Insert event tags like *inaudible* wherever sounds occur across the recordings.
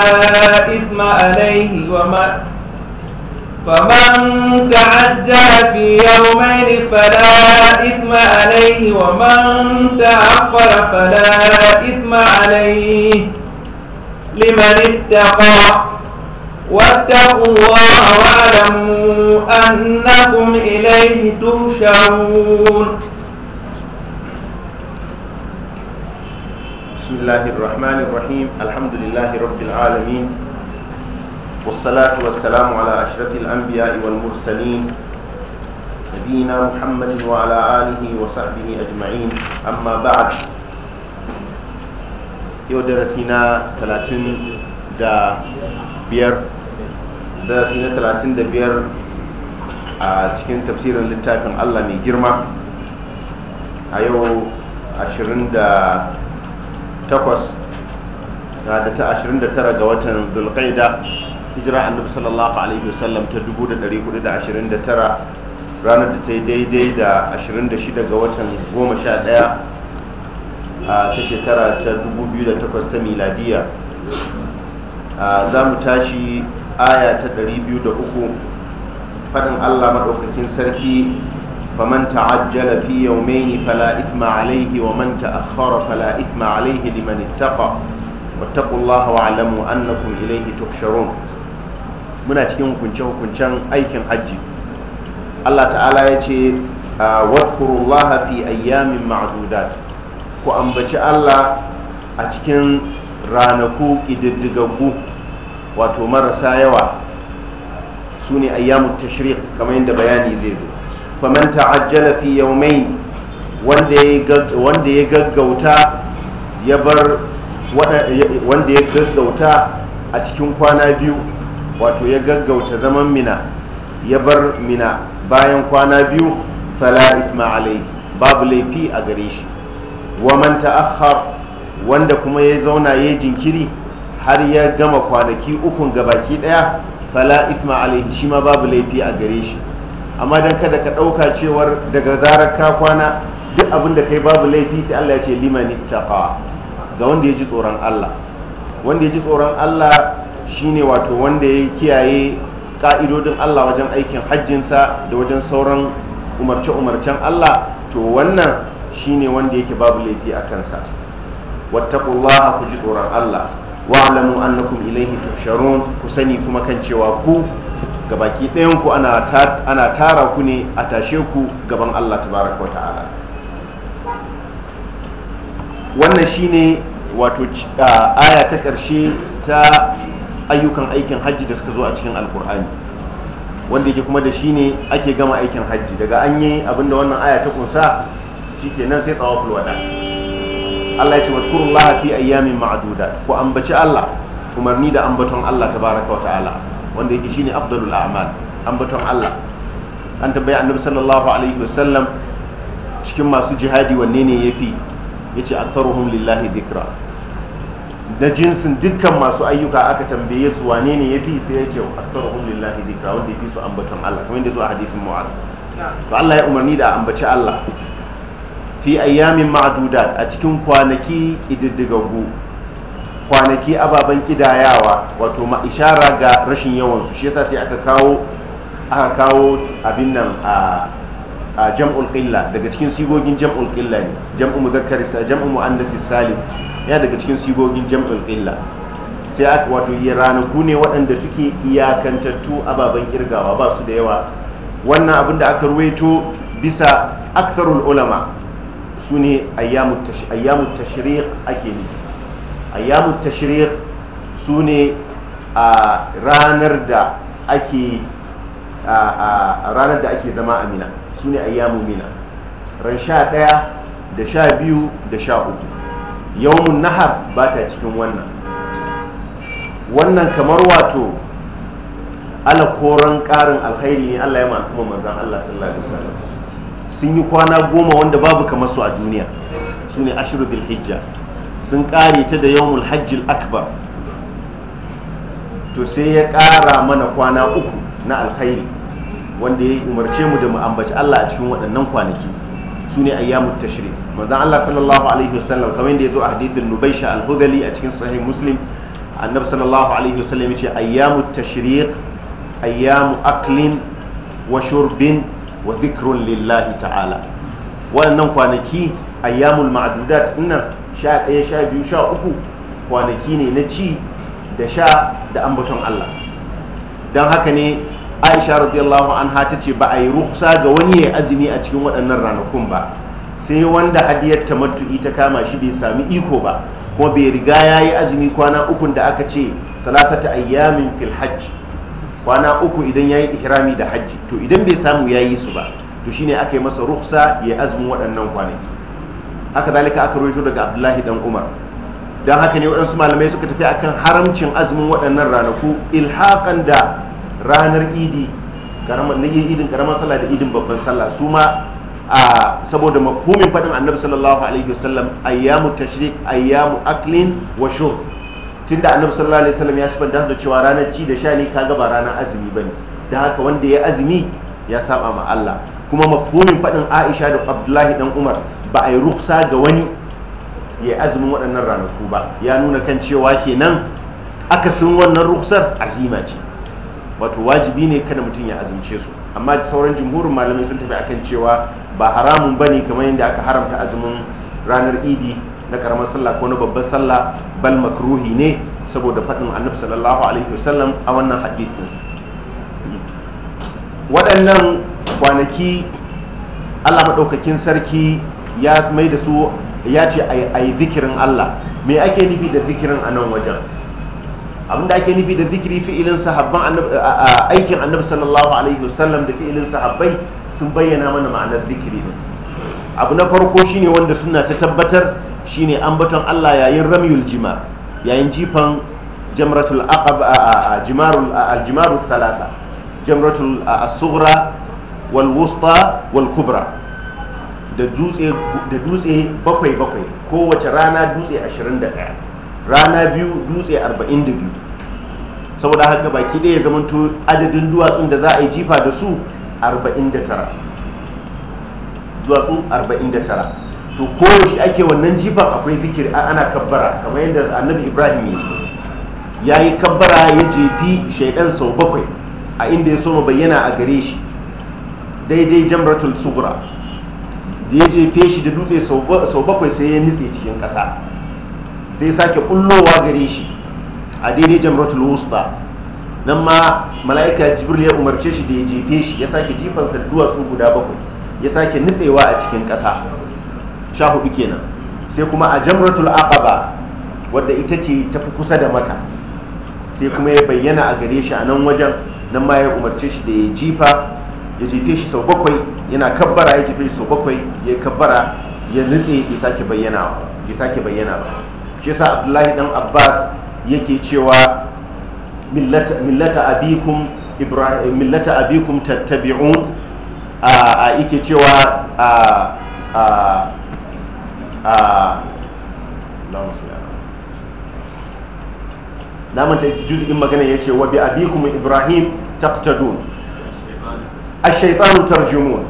إثم عليه وما فمن تعجل في يومين فلا إثم عليه ومن تأخر فلا إثم عليه لمن اتقى واتقوا الله واعلموا أنكم إليه تهشرون الله الرحمن الرحيم الحمد لله رب العالمين والصلاة والسلام على أشرف الأنبياء والمرسلين نبينا محمد وعلى آله وصحبه أجمعين أما بعد yau darasina talatin da biyar darasina talatin da biyar a cikin tafsirin littafin allah mai girma a yau ashirin da takwas na da ta ashirin da tara ga watan zulqaida hijira annabi sallallahu alaihi wasallam ta dubu da da da ashirin tara ranar da ta yi daidai da ashirin da shida ga watan Goma 11 a ta shekara ta dubu biyu da takwas ta miladiya za mu tashi aya ta biyu da uku faɗin allah maɗaukakin sarki فمن تعجل في يومين فلا إثم عليه ومن تأخر فلا إثم عليه لمن اتقى واتقوا الله واعلموا أنكم إليه تحشرون muna cikin hukunce-hukuncen aikin hajji Allah ta'ala ya ce wadkurullaha fi ayyamin ma'dudat ku ambaci Allah a cikin ranaku ƙididdigaggu wato marasa yawa su ne ayyamun tashriq kamar yadda bayani zai zo faman ta'ajjala fi yawmain wanda ya gaggauta ya bar wanda ya gaggauta a cikin kwana biyu wato ya gaggauta zaman mina ya bar mina bayan kwana biyu fala isma alai babu laifi a gare shi wa man ta'akhkhar wanda kuma ya zauna ya jinkiri har ya gama kwanaki ukun gabaki daya fala isma alai shi ma babu laifi a gare shi amma don kada ka ɗauka cewar daga zarar ka kwana duk abin da kai babu laifi sai Allah ya ce limani taqa ga wanda ya ji tsoron Allah wanda ya ji tsoron Allah shine wato wanda ya kiyaye ka'idodin Allah wajen aikin hajjinsa da wajen sauran umarce-umarcen Allah to wannan shine wanda yake babu laifi a kansa wattaqullaha ku ji tsoron Allah wa'lamu annakum ilayhi tuhsharun ku sani kuma kan cewa ku baki ɗayan ku ana tara ku ne a tashe ku gaban Allah tabaraka ta'ala wannan shine wato aya ta ƙarshe ta ayyukan aikin hajji da suka zo a cikin alkur'ani wanda yake kuma da shine ake gama aikin hajji daga an yi abinda wannan aya ta kunsa shikenan sai tsawaful wada Allah ya ce wadkurullaha a ayyamin ma'aduda ku ambaci Allah umarni da ambaton Allah tabaraka ta'ala wanda yake shine afdalul a'mal ambaton Allah an tambayi annabi sallallahu alaihi wasallam cikin masu jihadi wanne ne yafi yace aktharuhum lillahi dhikra da jinsin dukkan masu ayyuka aka tambaye su wane ne yafi sai yace aktharuhum lillahi dhikra wanda yafi su ambaton Allah kamar yadda zuwa hadisin mu'az to Allah ya umarni da ambaci Allah fi ayyamin ma'dudat a cikin kwanaki kididdigaggu kwanaki ababen kidayawa wato ma ishara ga rashin yawansu shi yasa sai aka kawo aka kawo abin nan a a jam'ul qilla daga cikin sigogin jam'ul qilla ne jam'u mudhakkar jam'u muannath salim ya daga cikin sigogin jam'ul qilla sai aka wato yi ranaku ne waɗanda suke iyakantattu ababen kirgawa ba su da yawa wannan abin da aka ruwaito bisa aktharul ulama sune ayyamu tashriq ake nufi ayyamu tashriq su ne a ranar da ake a ranar da ake zama a mina su ne ayyamu mina ran sha ɗaya da sha biyu da sha uku yawmun nahar ba ta cikin wannan wannan kamar wato ala koran ƙarin alkhairi ne allah ya ma kuma manzan allah sallallahu alaihi sun yi kwana goma wanda babu kamar su a duniya su ne ashiru hijja sun kare ta da yawon hajjil akbar to sai ya kara mana kwana uku na alkhairi wanda ya umarce mu da mu ambaci Allah a cikin waɗannan kwanaki su ne ayyamut tashrik manzon Allah sallallahu alaihi wasallam kamar yadda ya zo a hadithin Nubaisha al-Hudali a cikin sahih Muslim annabi sallallahu alaihi wasallam yace ayyamut tashriq ayyamu aklin wa shurbin wa dhikrun lillahi ta'ala waɗannan kwanaki ayyamul ma'dudat dinnan sha ɗaya sha biyu sha uku kwanaki ne na ci da sha da ambaton Allah don haka ne aisha radiyallahu an ta ce ba a yi ruksa ga wani ya azumi a cikin waɗannan ranakun ba sai wanda hadiyar matu'i ta kama shi bai sami iko ba kuma bai riga ya yi azumi kwana ukun da aka ce talatata ayyamin fil kwana uku idan ya yi ihrami da hajji to idan bai samu ya yi su ba to shine aka yi masa ruksa ya azumin waɗannan kwanaki haka zalika aka rawaito daga abdullahi dan umar don haka ne waɗansu malamai suka tafi akan haramcin azumin waɗannan ranaku ilhaƙan da ranar idi na idin karamar sallah da idin babban sallah su ma saboda mafhumin faɗin annabi sallallahu alaihi wasallam ayyamu tashrik ayyamu aklin wa shur tunda annabi sallallahu alaihi wasallam ya sifanta da cewa ranar ci da sha ne kaga ba ranar azumi bane da haka wanda ya azumi ya saba ma Allah kuma mafhumin faɗin Aisha da Abdullahi dan Umar ba a yi ruksa ga wani ya azumin waɗannan ranaku ba ya nuna kan cewa kenan akasin wannan ruksar azima ce wato wajibi ne kada mutum ya azumce su amma sauran jumhurin malamai sun tafi akan cewa ba haramun bane kamar yadda aka haramta azumin ranar idi na karamar sallah ko na babbar sallah bal makruhi ne saboda faɗin annabi sallallahu alaihi wasallam a wannan hadith din waɗannan kwanaki Allah maɗaukakin sarki ya mai da su ya ce a yi zikirin Allah me ake nufi da zikirin a nan wajen abinda ake nufi da zikiri fi'ilin sahabban aikin annabi sallallahu alaihi wasallam da fi'ilin sahabbai sun bayyana mana ma'anar zikiri ne abu na farko shine wanda suna ta tabbatar shine ambaton Allah yayin ramyul jima yayin jifan jamratul aqab jimarul aljimarul thalatha jamratul as wal wusta wal kubra da dutse bakwai bakwai kowace rana dutse ashirin da ɗaya rana biyu dutse arba'in da biyu saboda haka baki ɗaya zamanto adadin duwatsun da za a yi jifa da su arba'in da tara to kowace ake wannan jifan akwai zikir ana kabbara kamar yadda annabi ibrahim ya yi kabbara ya jefi shaidan sau bakwai a inda ya so bayyana a gare shi daidai jamratul sugura da ya jefe shi da dutse sau bakwai sai ya nitse cikin kasa sai sake kullowa gare shi a daidai jamratul wusta nan ma mala'ika jibril ya umarce shi da ya jefe shi ya sake jifansa da duwatsu guda bakwai ya sake nitsewa a cikin ƙasa sha hudu kenan sai kuma a jamratul aqaba wadda ita ce ta fi kusa da maka sai kuma ya bayyana a gare shi a nan wajen nan ma ya umarce shi da ya jifa ya jefe shi sau bakwai yana kabbara ya jefe shi sau bakwai ya kabbara ya nutse ya sake bayyana ya sake bayyana ba shi sa abdullahi dan abbas yake cewa millata abikum ibrahim millata abikum tattabi'un a yake cewa a a a na manta juz'in magana ce wa bi abikum ibrahim taqtadun الشيطان ترجمون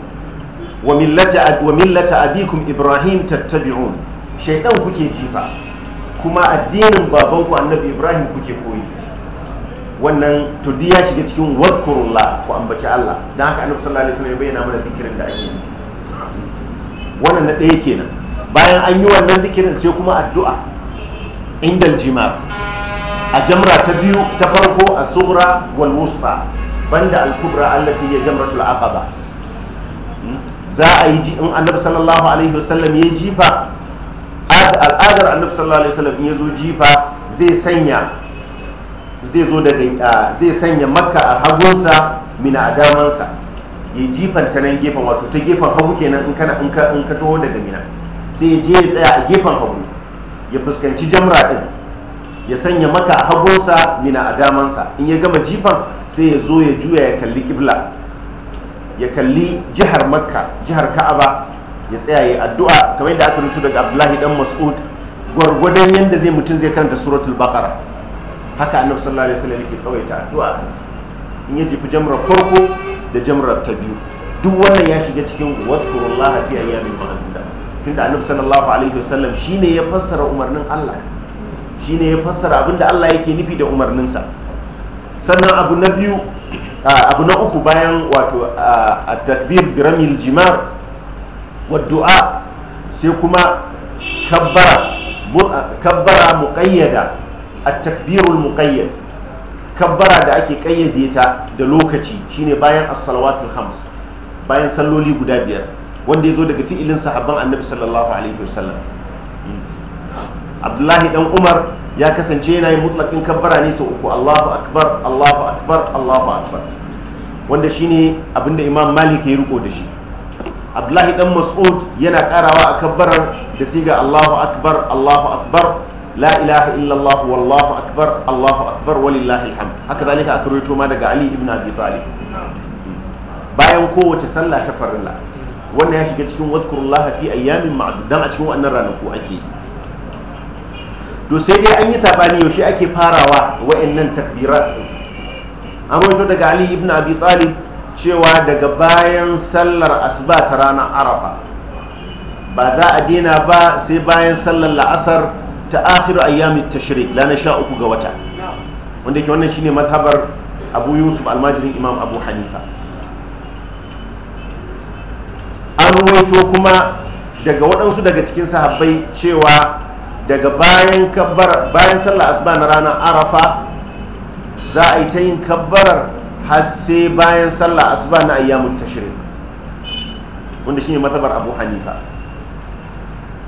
وملة أبيكم إبراهيم تتبعون شيطان كوكي جيبا كما الدين babanku النبي إبراهيم كوكي كوي wannan to ya shiga cikin wadkurullah ko ambaci Allah dan haka annabi sallallahu alaihi wasallam ya bayyana mana zikirin da ake wannan na ɗaya kenan bayan an yi wannan zikirin sai kuma addu'a indal jima a jamra ta biyu ta farko a sura wal wusta banda al-kubra allati hiya jamratul aqaba hmm? za a yi ji in annabi sallallahu alaihi wasallam ya jifa al'adar annabi sallallahu alaihi wasallam ya zo jifa zai sanya zai zo daga zai sanya makka a hagunsa min a ya jifan ta nan gefen wato ta gefen hagu kenan in kana in ka in ka taho daga mina sai ya je ya tsaya a gefen hagu ya fuskanci jamra din ya sanya maka hagunsa mina a damansa in ya gama jifan sai ya zo ya juya ya kalli kibla ya kalli jihar makka jihar ka'aba ya tsaya ya addu'a kamar yadda aka rutu daga abdullahi dan mas'ud gwargwadon yadda zai mutum zai karanta suratul baqara haka annabi sallallahu alaihi wasallam yake tsawaita addu'a in ya jifi jamrar farko da jamrar ta biyu duk wannan ya shiga cikin wadkurullaha fi ayyamin tunda annabi sallallahu alaihi wasallam shine ya fassara umarnin Allah shi ne ya fassara abin da Allah yake nufi da umarninsa sannan abu na biyu abu na uku bayan wato a takbir biramil jimar wa du'a sai kuma kabbara kabbara a takbirul muqayyad kabbara da ake kayyade ta da lokaci shine bayan as hams bayan salloli guda biyar wanda ya zo daga fi'ilin sahabban annabi sallallahu alaihi wasallam abdullahi dan umar ya kasance yana yin mutlakin kabbara ne sau uku allahu akbar allahu akbar allahu akbar wanda shine abinda imam malik ya riko da shi abdullahi dan mas'ud yana karawa a kabbarar da siga allahu akbar allahu akbar la ilaha illallah wallahu akbar allahu akbar walillahi alhamd haka zalika aka rawaito ma daga ali ibn abi talib bayan kowace sallah ta farilla wannan ya shiga cikin wadkurullaha fi ayyamin ma'dud a cikin wannan ranaku ake yi to sai dai an yi sabani yaushe ake farawa wa'annan takbirat din an rawaito daga ali ibn abi talib cewa daga bayan sallar asuba ta ranar arafa ba za a dina ba sai bayan sallar la'asar ta akhiru ayyamin tashrik lana sha uku ga wata wanda ke wannan shine mazhabar abu yusuf almajirin imam abu hanifa an ruwaito kuma daga waɗansu daga cikin sahabbai cewa daga bayan kabbar bayan sallar asuba na ranar arafa za a yi ta yin kabbarar har sai bayan sallar asuba na ayyamun tashirin wanda shine matabar abu hanifa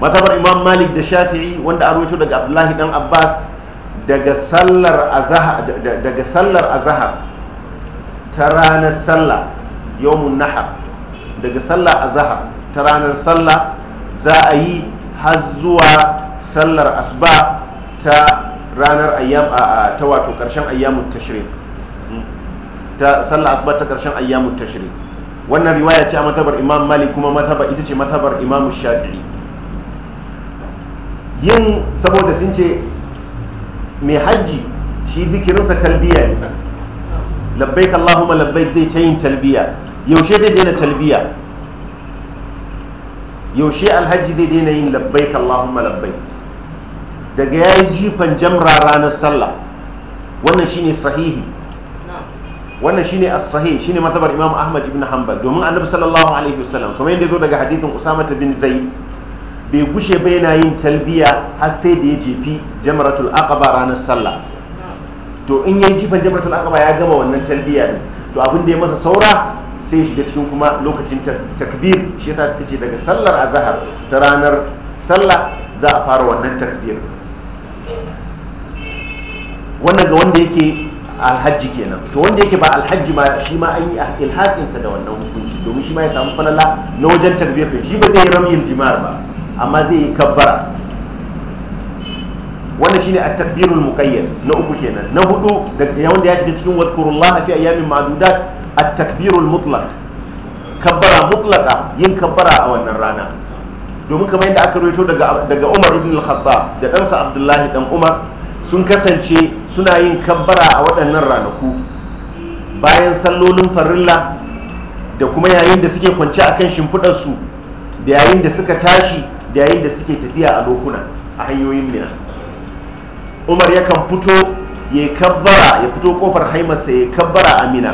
matabar imam malik da shafi'i wanda a rawaito daga abdullahi dan abbas daga sallar azahar daga sallar azhar ta ranar sallah yawmun nahar daga sallar azahar ta ranar sallah za a yi har zuwa sallar asuba ta ranar ayyam a ta wato karshen ayyamun tashrik ta sallar asuba ta karshen ayyamun tashrik wannan riwaya ce a matabar imam malik kuma mataba ita ce matabar imam shafi'i yin saboda sun ce mai hajji shi sa talbiya ne labbaik ma labbai zai ta yin talbiya yaushe zai daina talbiya yaushe alhaji zai daina yin labbaik ma labbai daga ya yi jifan jamra ranar sallah wannan shine sahihi wannan shine as-sahih shine matabar imam ahmad ibn hanbal domin annabi sallallahu alaihi wasallam kuma yadda zo daga hadithin usama bin zaid bai gushe ba yana yin talbiya har sai da ya jefi jamratul aqaba ranar sallah to in yayi jifan jamratul aqaba ya gama wannan talbiya ne to abin da ya masa saura sai ya shiga cikin kuma lokacin takbir shi yasa suka ce daga sallar azhar ta ranar sallah za a fara wannan takbir wannan ga wanda yake alhaji kenan to wanda yake ba alhaji ma shi ma an yi ilhaƙinsa da wannan hukunci domin shi ma ya samu falala na wajen tarbiyyar kai shi ba zai yi ramyin jimar ba amma zai yi kabbara wannan shine a takbirul muqayyad na uku kenan na hudu da wanda ya shiga cikin wadkurullaha fi ayyamin ma'dudat at-takbirul mutlaq kabbara mutlaqa yin kabbara a wannan rana domin kamar yadda aka rawaito daga Umar ibn al-Khattab da ɗansa Abdullahi dan Umar sun kasance suna yin kabbara a waɗannan ranaku bayan sallolin farilla da kuma yayin da suke kwance kan shimfiɗarsu da yayin da suka tashi da yayin da suke tafiya a lokuna a hanyoyin mina umar yakan fito ya kabbara ya fito kofar haimarsa ya kabbara a mina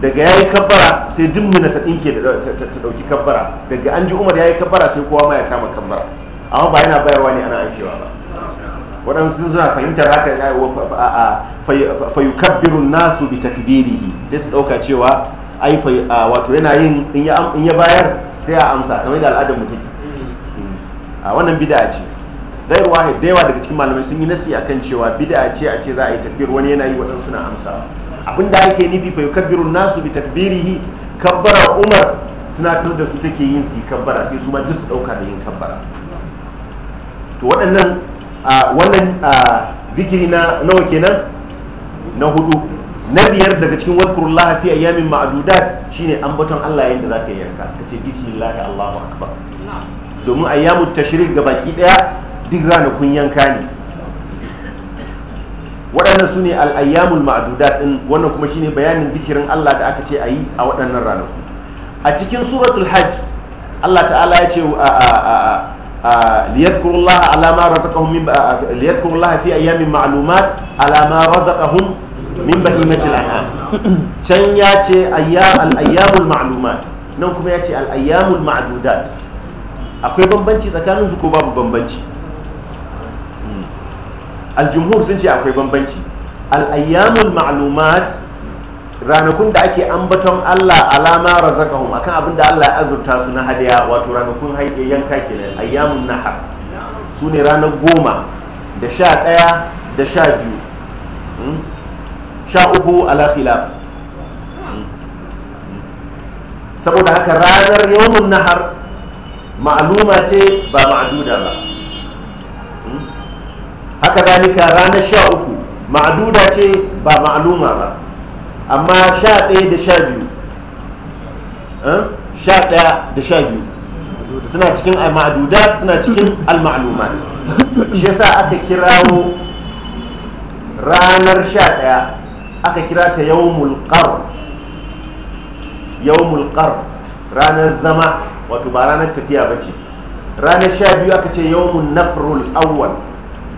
daga ya yi kabbara sai duk mina ta ɗinke ta ɗauki kabbara daga an ji umar ya yi kabbara sai kowa ma ya kama kabbara amma ba yana bayarwa ne ana amshewa ba waɗansu suna fahimtar haka fayukabbiru nasu bi takbirihi sai su ɗauka cewa ai wato yana yin in ya bayar sai a amsa kamar da al'adar mu take a wannan bid'a ce gairu wahid da yawa daga cikin malamai sun yi nasi kan cewa bid'a ce a ce za a yi takbir wani yana yi waɗansu na amsa abin da ake nufi fa yukabbiru nasu bi takbirihi kabbara umar tunatar da su take yin su kabbara sai su ma duk su ɗauka da yin kabbara to waɗannan wannan zikiri na nawa kenan na hudu na biyar daga cikin wazkurullah fi ayyamin ne shine baton Allah yayin da ka yi yanka kace bismillah Allahu akbar domin a ayyamut tashrik ga baki daya duk ranakun yanka ne waɗannan su ne al'ayyamul ma'adudat ɗin wannan kuma shine bayanin zikirin Allah da aka ce a yi a waɗannan ranaku a cikin suratul hajj Allah ta'ala ya ce liyadkurullah ala ma razaqahum min liyadkurullah fi ayyamin ma'lumat ala ma razaqahum min bahimatil an'am can ya ce al ayyamul ma'lumat nan kuma ya ce al ayyamul ma'dudat akwai bambanci tsakanin su ko babu bambanci al sun ce akwai bambanci al ayyamul ma'lumat ranakun da ake ambaton Allah alama razaqahum akan abin da Allah ya azurta su na hadiya wato ranakun haike yanka kenan ayyamun nahar sune ranar goma da sha ɗaya da sha biyu hmm? sha uku ala khilaf hmm? saboda haka ranar yawmun nahar ma'aluma ce ba ma'aduda ba hmm? haka zalika ranar sha uku ma'aduda ce ba ma'aluma ba amma sha ɗaya da sha biyu eh? sha ɗaya da sha biyu suna cikin al maaduda suna cikin al maaluma shi yasa aka kirawo ranar sha ɗaya aka kira ta yawmul qar ranar zama wato ba ranar tafiya ba ce ranar sha biyu aka ce yawmun nafrul awwal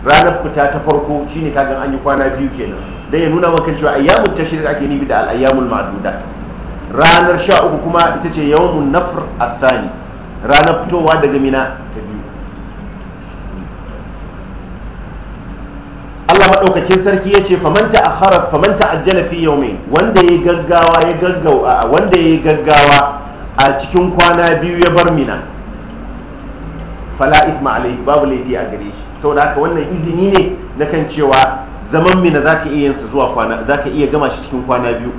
ranar fita ta farko shine kagan an yi kwana biyu kenan dan ya nuna maka cewa ayyamut tashrik ake nufi da al-ayyamul ma'dudat ranar 13 kuma ita ce yawmun nafr athani ranar fitowa daga mina ta biyu Allah madaukakin sarki yace faman ta'akhara faman ta'ajjala fi yawmin wanda yayi gaggawa ya gaggawa wanda yayi gaggawa a cikin kwana biyu ya bar mina fala isma alayhi babu laifi a gare shi saboda haka wannan izini ne na kan cewa zaman mina za ka iya zuwa kwana za ka iya gama shi cikin kwana biyu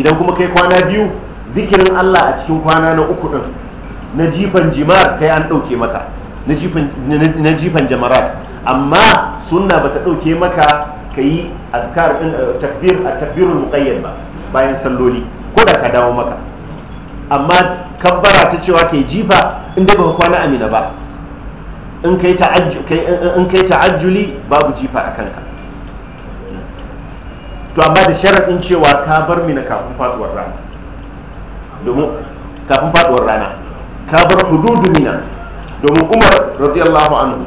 idan kuma kai kwana biyu zikirin allah a cikin kwana na uku ɗin na jifan jimar kai an ɗauke maka na jifan jamarat amma sunna ba ta ɗauke maka ka yi eh, takbir a takbirul muqayyad ba bayan salloli ko da ka dawo maka amma kabbara ta cewa kai jifa in dai baka kwana amina ba in kai ta'ajjuli babu jifa a kanka to amma da sharaɗin cewa ka bar mina kafin faduwar rana domin kafin faduwar rana ka bar hududu mina domin umar radiyallahu anhu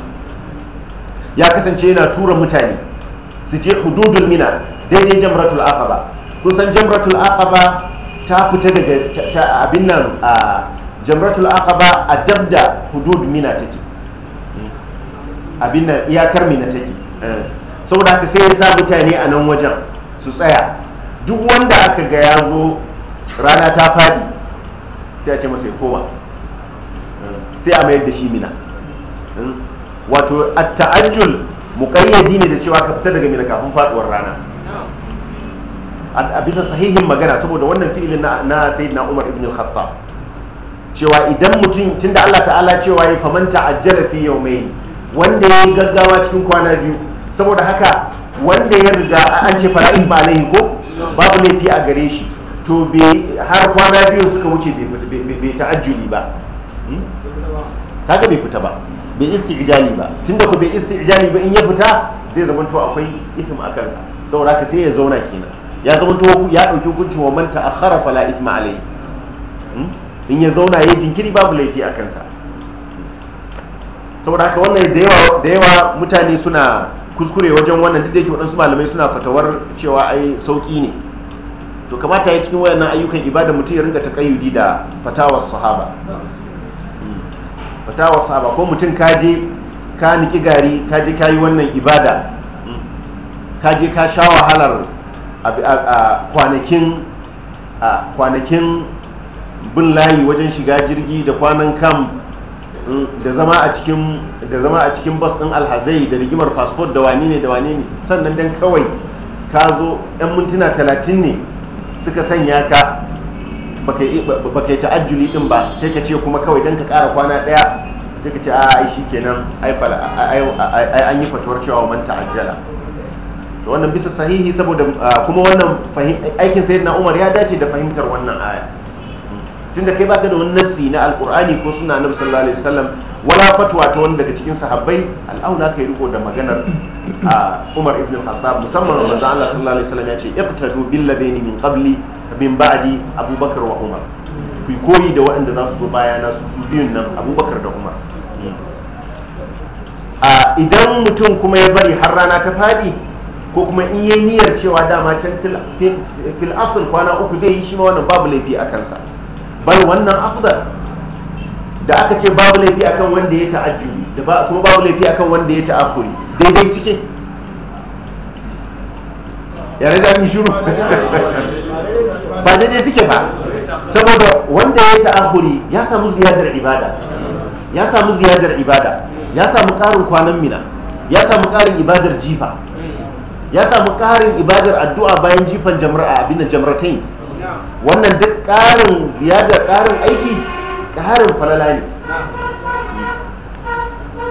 ya kasance yana tura mutane su je hududun mina daidai jamratul aqaba kusan jamratul aqaba ta fita daga abin nan a jamratul aqaba a dabda hudud mina take abin nan iyakar mina take eh, saboda haka sai ya sa mutane a nan wajen su tsaya duk wanda aka ga ya zo rana ta fadi sai a ce masa ya koma sai a mayar da shi mina wato a ta'ajjul muƙayyadi ne da cewa ka fita daga mina kafin faɗuwar rana a bisa sahihin magana saboda wannan fi'ilin na na umar ibn al-khattab cewa idan mutum tun da Allah ta'ala cewa ya famanta a jarafi fi ne wanda ya yi gaggawa cikin kwana biyu saboda haka wanda ya riga an ce fara'in ba alaihi ko babu laifi a gare shi to har kwana biyu suka wuce bai ta'ajjuli ba hmm? kaga bai fita ba bai isti'jali ba tunda ko bai isti'jali ba in ya fita zai zama to akwai ism a kansa saboda ka sai ya zauna kenan ya zama to ya dauki hukuncin wa man ta'akhkhara fala ithma alaihi hmm? in ya zauna ya jinkiri babu laifi a kansa saboda haka wannan da yawa da yawa mutane suna kuskure wajen wannan duk da yake waɗansu malamai suna fatawar cewa ai sauƙi ne to kamata ya cikin wayannan ayyukan ibada mutum ya ringa taƙayyudi da fatawar sahaba hmm. fatawar sahaba ko mutum ka je ka niki gari ka je ka yi wannan ibada hmm, ka je ka sha wahalar kwanakin kwanakin bin layi wajen shiga jirgi da kwanan kan da zama a cikin bas din alhazai da rigimar fasfot da wani ne da wani ne sannan dan kawai ka zo yan mintuna talatin ne suka sanya ka baka yi ta'ajjuli din ba sai ka ce kuma kawai dan ka kara kwana daya sai ka ce a ai kenan ai an yi fatuwar cewa man ta'ajjala wannan bisa sahihi saboda ah, kuma wannan aikin sayyidina Umar ya dace da fahimtar wannan aya tunda kai baka da wani nassi na alkur'ani ko suna annabi sallallahu alaihi wasallam wala fatwa ta wani daga cikin sahabbai al'aula kai riko da maganar Umar ibn al-Khattab musamman Allah sallallahu alaihi wasallam ya ce iqtadu bil ladaini min qabli min ba'di Abubakar wa Umar ku koyi da waɗanda za su zo baya na su su biyun nan Abubakar da Umar a idan mutum kuma ya bari har rana ta fadi ko kuma in yi niyyar cewa dama can fil kwana uku zai yi shi ma wannan babu laifi a kansa bai wannan afdal da aka ce babu laifi akan wanda ya ta'ajjubi da ba kuma babu laifi akan wanda ya ta'akuri daidai suke ya rada mi shiru? *laughs* ba daidai suke ba saboda wanda ya ta'akuri ya samu ziyadar ibada ya samu ziyadar ibada ya samu karin kwanan mina ya samu karin ibadar jifa ya samu karin ibadar addu'a bayan jifan jamra'a abin da jamratain wannan duk ƙarin ziyada ƙarin aiki ƙarin falala ne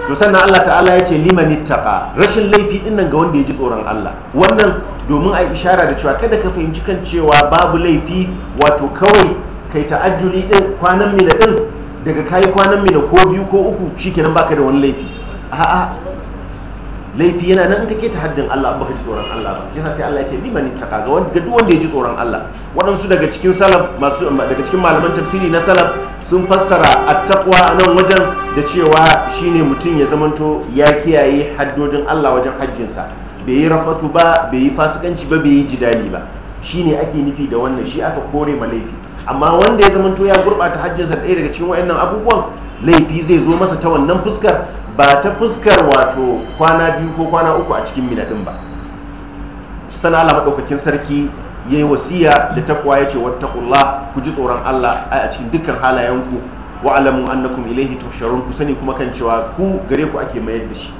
to sannan Allah ta'ala ya ce limani taqa rashin laifi din nan ga wanda ya ji tsoron Allah wannan domin a ishara da cewa kada ka fahimci kan cewa babu laifi wato kawai kai ta'ajjuli din kwanan mina din daga kai kwanan mina ko biyu ko uku shikenan baka da wani laifi a'a laifi yana nan take ta haddin Allah baka ji tsoron Allah ba yasa sai Allah ya ce mani ga wanda duk wanda ya ji tsoron Allah waɗansu daga cikin salaf masu daga cikin malaman tafsiri na salaf sun fassara at a nan wajen da cewa shine mutum ya zamanto ya kiyaye haddodin Allah wajen hajjinsa bai yi rafasu ba bai yi fasikanci ba bai yi jidali ba shine ake nufi da wannan shi aka kore ma laifi amma wanda ya zamanto ya gurɓata hajjinsa ɗaya daga cikin waɗannan abubuwan laifi zai zo masa ta wannan fuskar ba ta fuskar wato kwana biyu ko kwana uku a cikin mina ɗin ba sana Allah maɗaukakin sarki ya yi wasiya da takwa ya ce wattakullah ku ji tsoron Allah a cikin dukkan halayenku wa alamu annakum ilaihi tusharun ku sani kuma kan cewa ku gare ku ake mayar da shi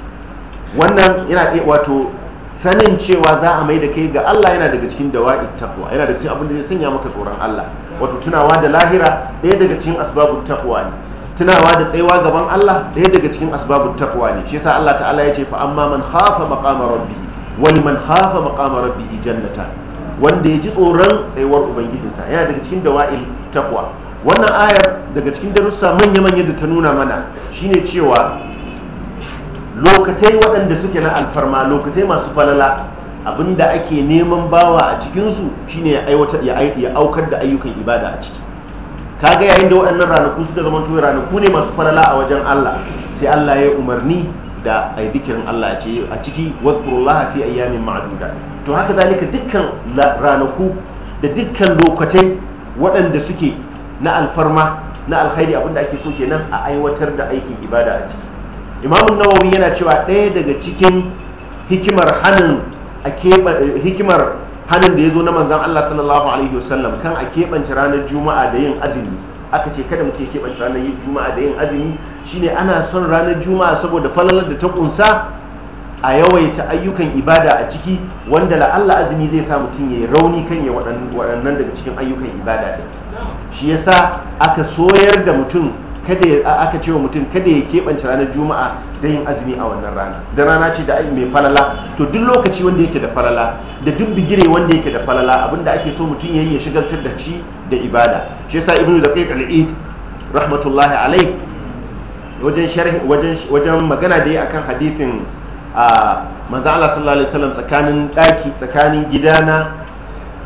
wannan yana ɗaya wato sanin cewa za a mai da kai ga Allah yana daga cikin dawa'i takwa yana daga cikin abin da zai sanya maka tsoron Allah wato tunawa da lahira ɗaya daga cikin asibabin takwa ne tunawa da tsayawa gaban Allah ɗaya daga cikin asbabun takwa ne shi yasa Allah ta'ala ya ce fa amma man khafa maqama rabbihi wal man khafa maqama rabbihi jannata wanda ya ji tsoron tsayuwar ubangijinsa yana daga cikin dawa'il takwa wannan ayar daga cikin darussa manya-manya da ta nuna mana shine cewa lokatai waɗanda suke na alfarma lokacai masu falala abinda ake neman bawa a cikinsu shine ya aiwatar ya aukar da ayyukan ibada a ciki kaga yayin da waɗannan ranaku suka zama tuwai ranaku ne masu falala a wajen Allah sai Allah ya umarni da ai dikirin Allah ce a ciki wadkurullaha fi ayyamin ma'aduda to haka zalika dukkan ranaku da dukkan lokacin waɗanda suke na alfarma na alkhairi abinda ake so kenan a aiwatar da aikin ibada a ciki imamun nawawi yana cewa ɗaya daga cikin hikimar hanin a eh, hikimar hannun da ya zo na manzan Allah sallallahu alaihi wasallam kan a keɓance ranar juma'a da yin azumi aka ce kada mutum ya keɓance ranar juma'a da yin azumi shine ana son ranar juma'a saboda falalar da ta kunsa a yawaita ayyukan ibada a ciki wanda la'alla azumi zai sa mutum ya yi rauni kan ya waɗannan daga cikin ayyukan ibada ɗin shi yasa aka soyar da mutum kada aka ce wa mutum kada ya keɓance ranar juma'a da yin azumi a wannan rana da rana ce da mai falala to duk lokaci wanda yake da falala da duk bigire wanda yake da falala abinda ake so mutum ya yi ya shigaltar da shi da ibada shi yasa ibnu da kai kal'id rahmatullahi alai wajen sharhi wajen wajen magana da yi akan hadisin a manzo Allah sallallahu alaihi wasallam tsakanin daki tsakanin gidana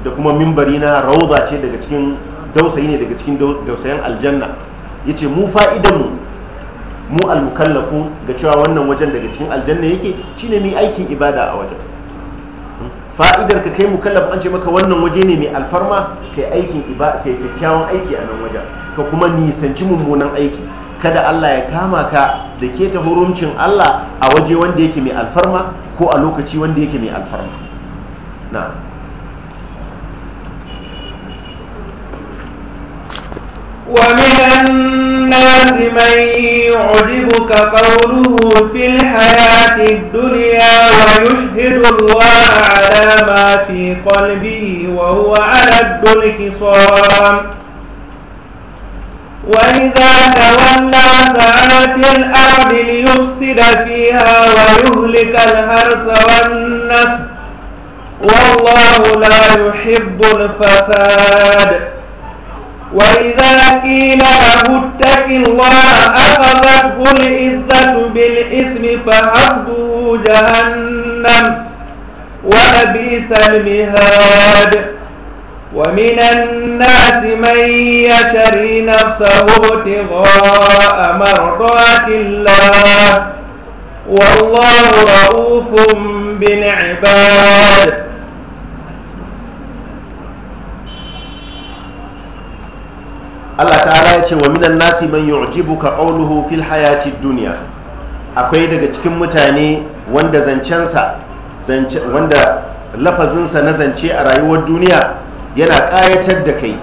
da kuma mimbarina rauza ce daga cikin dausayi ne daga cikin dausayin aljanna yace mu fa'idan mu mu almukallafu ga cewa wannan wajen daga cikin aljanna yake shine mai aikin ibada a wajen fa'idar ka kai mukallaf an ce maka wannan waje ne mai alfarma kai aikin ibada kai kyakkyawan aiki a nan wajen ka kuma nisanci mummunan aiki kada Allah ya kama ka da ke ta hurumcin Allah a waje wanda yake mai alfarma ko a lokaci wanda yake mai alfarma na'am ومن الناس من يعجبك قوله في الحياة الدنيا ويشهد الله على ما في قلبه وهو ألد الخصام وإذا تولى سعى في الأرض ليفسد فيها ويهلك الهرث والنسل والله لا يحب الفساد وإذا قيل له اتق الله أخذته العزة بالإثم فحبه جهنم ولبئس المهاد ومن الناس من يشري نفسه ابتغاء مرضات الله والله رؤوف بالعباد Allah ta'ala ya ce wa minan nasi man yu'jibuka qawluhu fil hayati dunya akwai daga cikin mutane wanda zancensa wanda lafazinsa na zance a rayuwar duniya yana kayatar da kai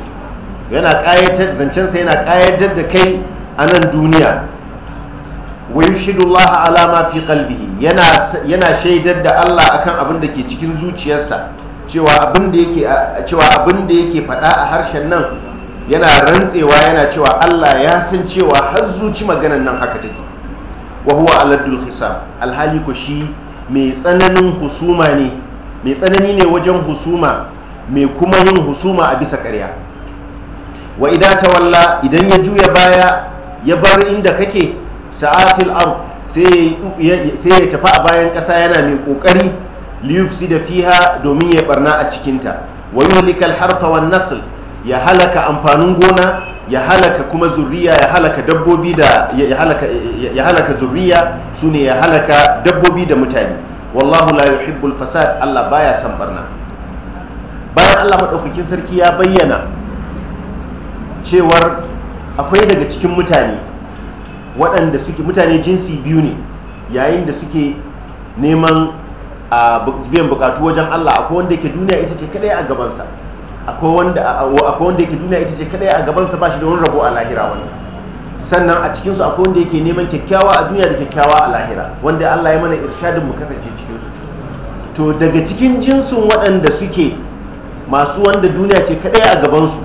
yana kayatar zancensa yana kayatar da kai a nan duniya wa yushidu Allah ala ma fi qalbihi yana shaidar da Allah akan abin da ke cikin zuciyarsa cewa abin da yake cewa abin yake faɗa a harshen nan yana rantsewa yana cewa Allah ya san cewa har zuci maganan nan haka take wa huwa aladul hisab alhali ko shi mai tsananin husuma ne mai tsanani ne wajen husuma mai kuma yin husuma a bisa ƙarya wa idza tawalla idan ya juya baya ya bar inda kake sa'atil ard sai ya tafi a bayan ƙasa yana mai ƙoƙari liyufsi da fiha domin ya barna a cikinta wa yuhlikal harfa wan nasl ya halaka amfanin gona ya halaka kuma zuriya ya halaka dabbobi da ya halaka ya su zuriya ya halaka dabbobi da mutane wallahu la yuhibbul fasad Allah baya son barna bayan Allah madaukakin sarki ya bayyana cewar akwai daga cikin mutane waɗanda suke mutane jinsi biyu ne yayin da suke neman ah, biyan bukatu wajen Allah akwai wanda yake duniya ita ce kadai a gabansa akwai wanda yake duniya ita ce kadai a gabansa sa bashi da wani rabo a lahira wani sannan a cikinsu akwai wanda yake neman kyakkyawa a duniya da kyakkyawa a lahira wanda Allah ya mana irshadin mu kasance cikinsu to daga cikin jinsin waɗanda suke masu wanda duniya ce kadai a gabansu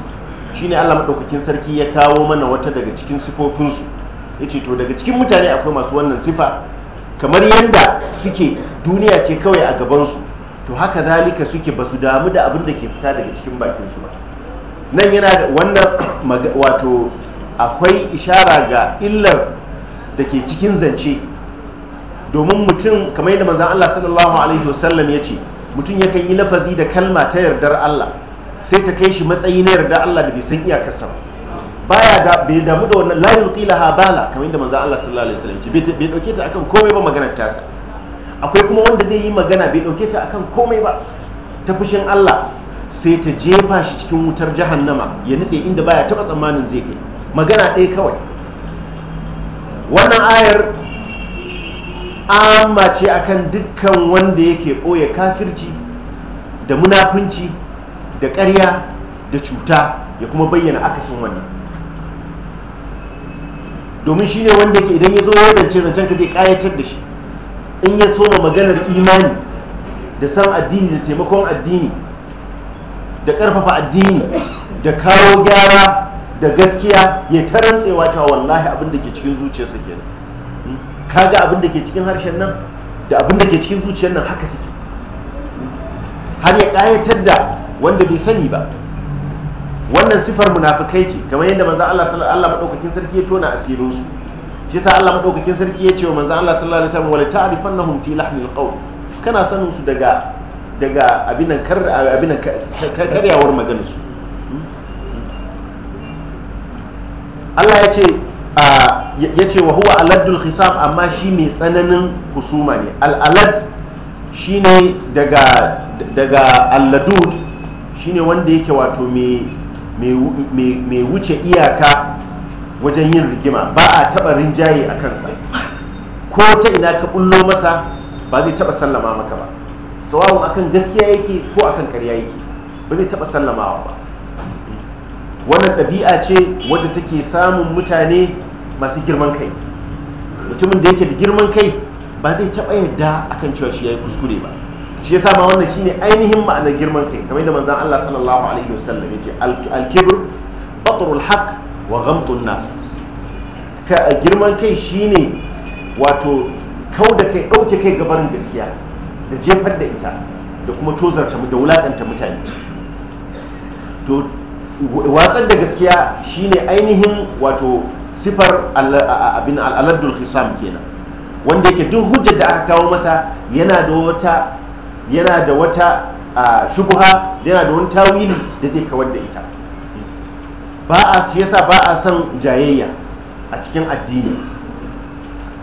shine Allah madaukakin sarki ya kawo mana wata daga cikin sifofinsu yace to daga cikin mutane akwai masu wannan sifa kamar yadda suke duniya ce kawai a gabansu to haka zalika suke ba su damu da abin da ke fita daga cikin bakinsu ba nan yana da wannan wato akwai ishara ga illar da ke cikin zance domin mutum kamar yadda manzan Allah sallallahu alaihi wasallam ya ce mutum yakan yi lafazi da kalma ta yardar Allah sai ta kai shi matsayi na yardar Allah da bai san iyakarsa ba baya da bai damu da wannan la yuqilaha bala kamar yadda manzan Allah sallallahu alaihi wasallam ya ce bai dauke ta akan komai ba maganar tasa akwai kuma wanda zai yi magana bai dauke ta akan komai ba ta fushin Allah sai ta jefa shi cikin wutar jahannama ya nutse inda baya taba tsammanin zai kai magana ɗaya kawai wannan ayar amma ce akan dukkan wanda yake ɓoye kafirci da munafunci da ƙarya da cuta ya kuma bayyana akasin wannan domin shine wanda yake idan ya zo wadance zancen ka zai kayatar da shi in ya soma maganar imani da san addini da taimakon addini da ƙarfafa addini da kawo gyara da gaskiya ya tarantsewa ta wallahi abin da ke cikin suke kenan hmm? kaga abin da ke cikin harshen nan da abin da ke cikin zuciyar nan haka suke har ya ƙayatar da wanda bai sani ba wannan sifar munafikai ce kamar yadda manzo Allah sallallahu alaihi wasallam sarki ya tona asirin su. shi sa Allah madaukakin sarki ya ce wa manzan Allah sallallahu alaihi wasallam wala ta'rifannahum fi lahnil qawl kana sanin su daga daga nan kar nan karyawar magana su Allah ya ce ya ce wa huwa aladul hisab amma shi mai tsananin husuma ne al'alad shi ne daga alladud shi ne wanda yake wato mai wuce iyaka wajen yin rigima ba a taɓa rinjaye a kansa ko ta ina ka bullo masa ba zai taɓa sallama maka ba sawawun akan gaskiya yake ko akan karya yake ba zai taɓa sallamawa ba wannan ɗabi'a ce wadda take samun mutane masu girman kai mutumin da yake da girman kai ba zai taɓa yadda akan cewa shi ya yi kuskure ba shi ya ma wannan shine ainihin ma'anar girman kai kamar da manzan Allah sallallahu alaihi wasallam yake al-kibr batrul haqq wa ghamtun nas ka girman kai shine wato kau da kai ɗauke kai gabarin gaskiya da jefar da ita da kuma tozarta da wulaƙanta mutane to watsar da gaskiya shine ainihin wato sifar abin al'aladul hisam kenan wanda yake duk hujjar da aka kawo masa yana da wata yana da wata shubuha yana da wani tawili da zai kawar da ita ba a yasa ba a son jayayya a cikin addini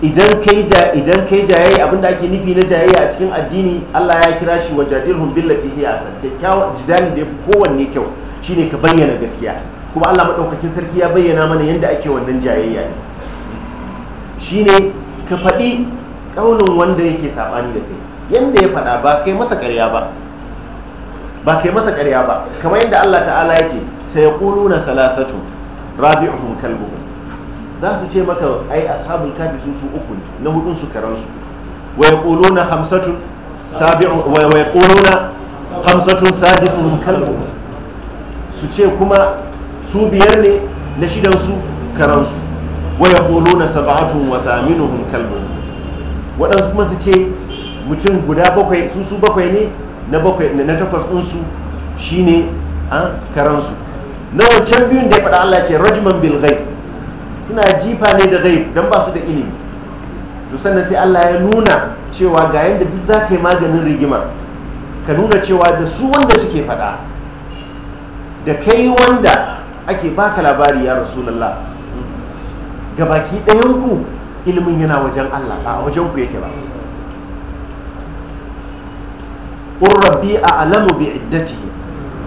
idan kai ja idan kai jayayya abinda ake nufi na jayayya a cikin addini Allah ya kira shi wa jadilhum billati hiya asan kyakkyawan jidali da yafi kowanne kyau shine ka bayyana gaskiya kuma Allah madaukakin sarki ya bayyana mana yanda ake wannan jayayya shine ka faɗi ƙaunin wanda yake sabani da kai yadda ya faɗa ba kai masa ƙarya ba ba kai masa ƙarya ba kamar yadda Allah ta'ala yake sai na thalathatu rabi'uhum kalbuhum za su ce maka ai ashabul kafi su su uku na hudun su karan su wa yaquluna hamsatun sabi'u wa yaquluna hamsatun sadisuhum kalbuhum su ce kuma su biyar ne na shidan su karan su wa yaquluna sab'atun wa thaminuhum kalbuhum waɗansu kuma su ce mutum guda bakwai su su bakwai ne na bakwai na takwas ɗin ɗinsu shine a su. na wancan biyun da ya faɗa Allah ce rajman bil ghaib suna jifa ne da ghaib dan ba su da ilimi to sannan sai Allah ya nuna cewa ga yanda duk za ka yi maganin rigima ka nuna cewa da su wanda suke faɗa da kai wanda ake baka labari ya rasulullah ga baki ɗayan ku ilimin yana wajen Allah ba wajen ku yake ba qur rabbi a'lamu bi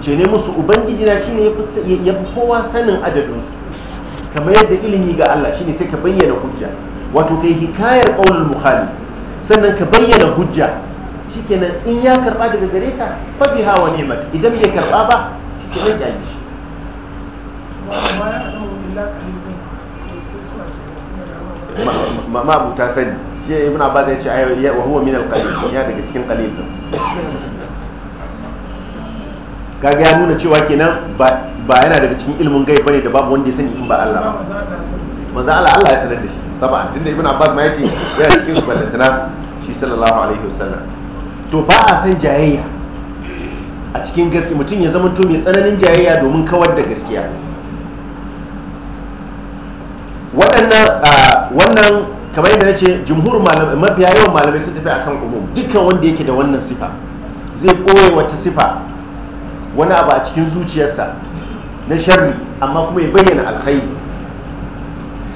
ce ne musu ubangiji na shine ya fi kowa sanin adadinsu kamar yadda ilimi ga Allah shine sai ka bayyana hujja wato kai hikayar qaulul mukhali sannan ka bayyana hujja shikenan in ya karba daga gare ka fa biha wa ni'mat idan bai karba ba shikenan ya yi shi ma abu ta sani shi ibn abbas ya ce wa huwa min al-qalil ya daga cikin qalil din kaga ya nuna cewa kenan ba yana daga cikin ilimin gai bane da babu wanda ya sani in ba Allah ba manzo Allah Allah ya sanar da shi saba tunda ibn Abbas ma yace yana cikin su ballantana shi sallallahu alaihi wasallam to ba a san jayayya a cikin gaske mutum ya zama to mai tsananin jayayya domin kawar da gaskiya waɗannan wannan kamar yadda na ce jumhur malamai mafiya yawan malamai sun tafi akan umum dukkan wanda yake da wannan sifa zai ɓoye wata sifa wani abu a cikin zuciyarsa na sharri amma kuma ya bayyana alkhairi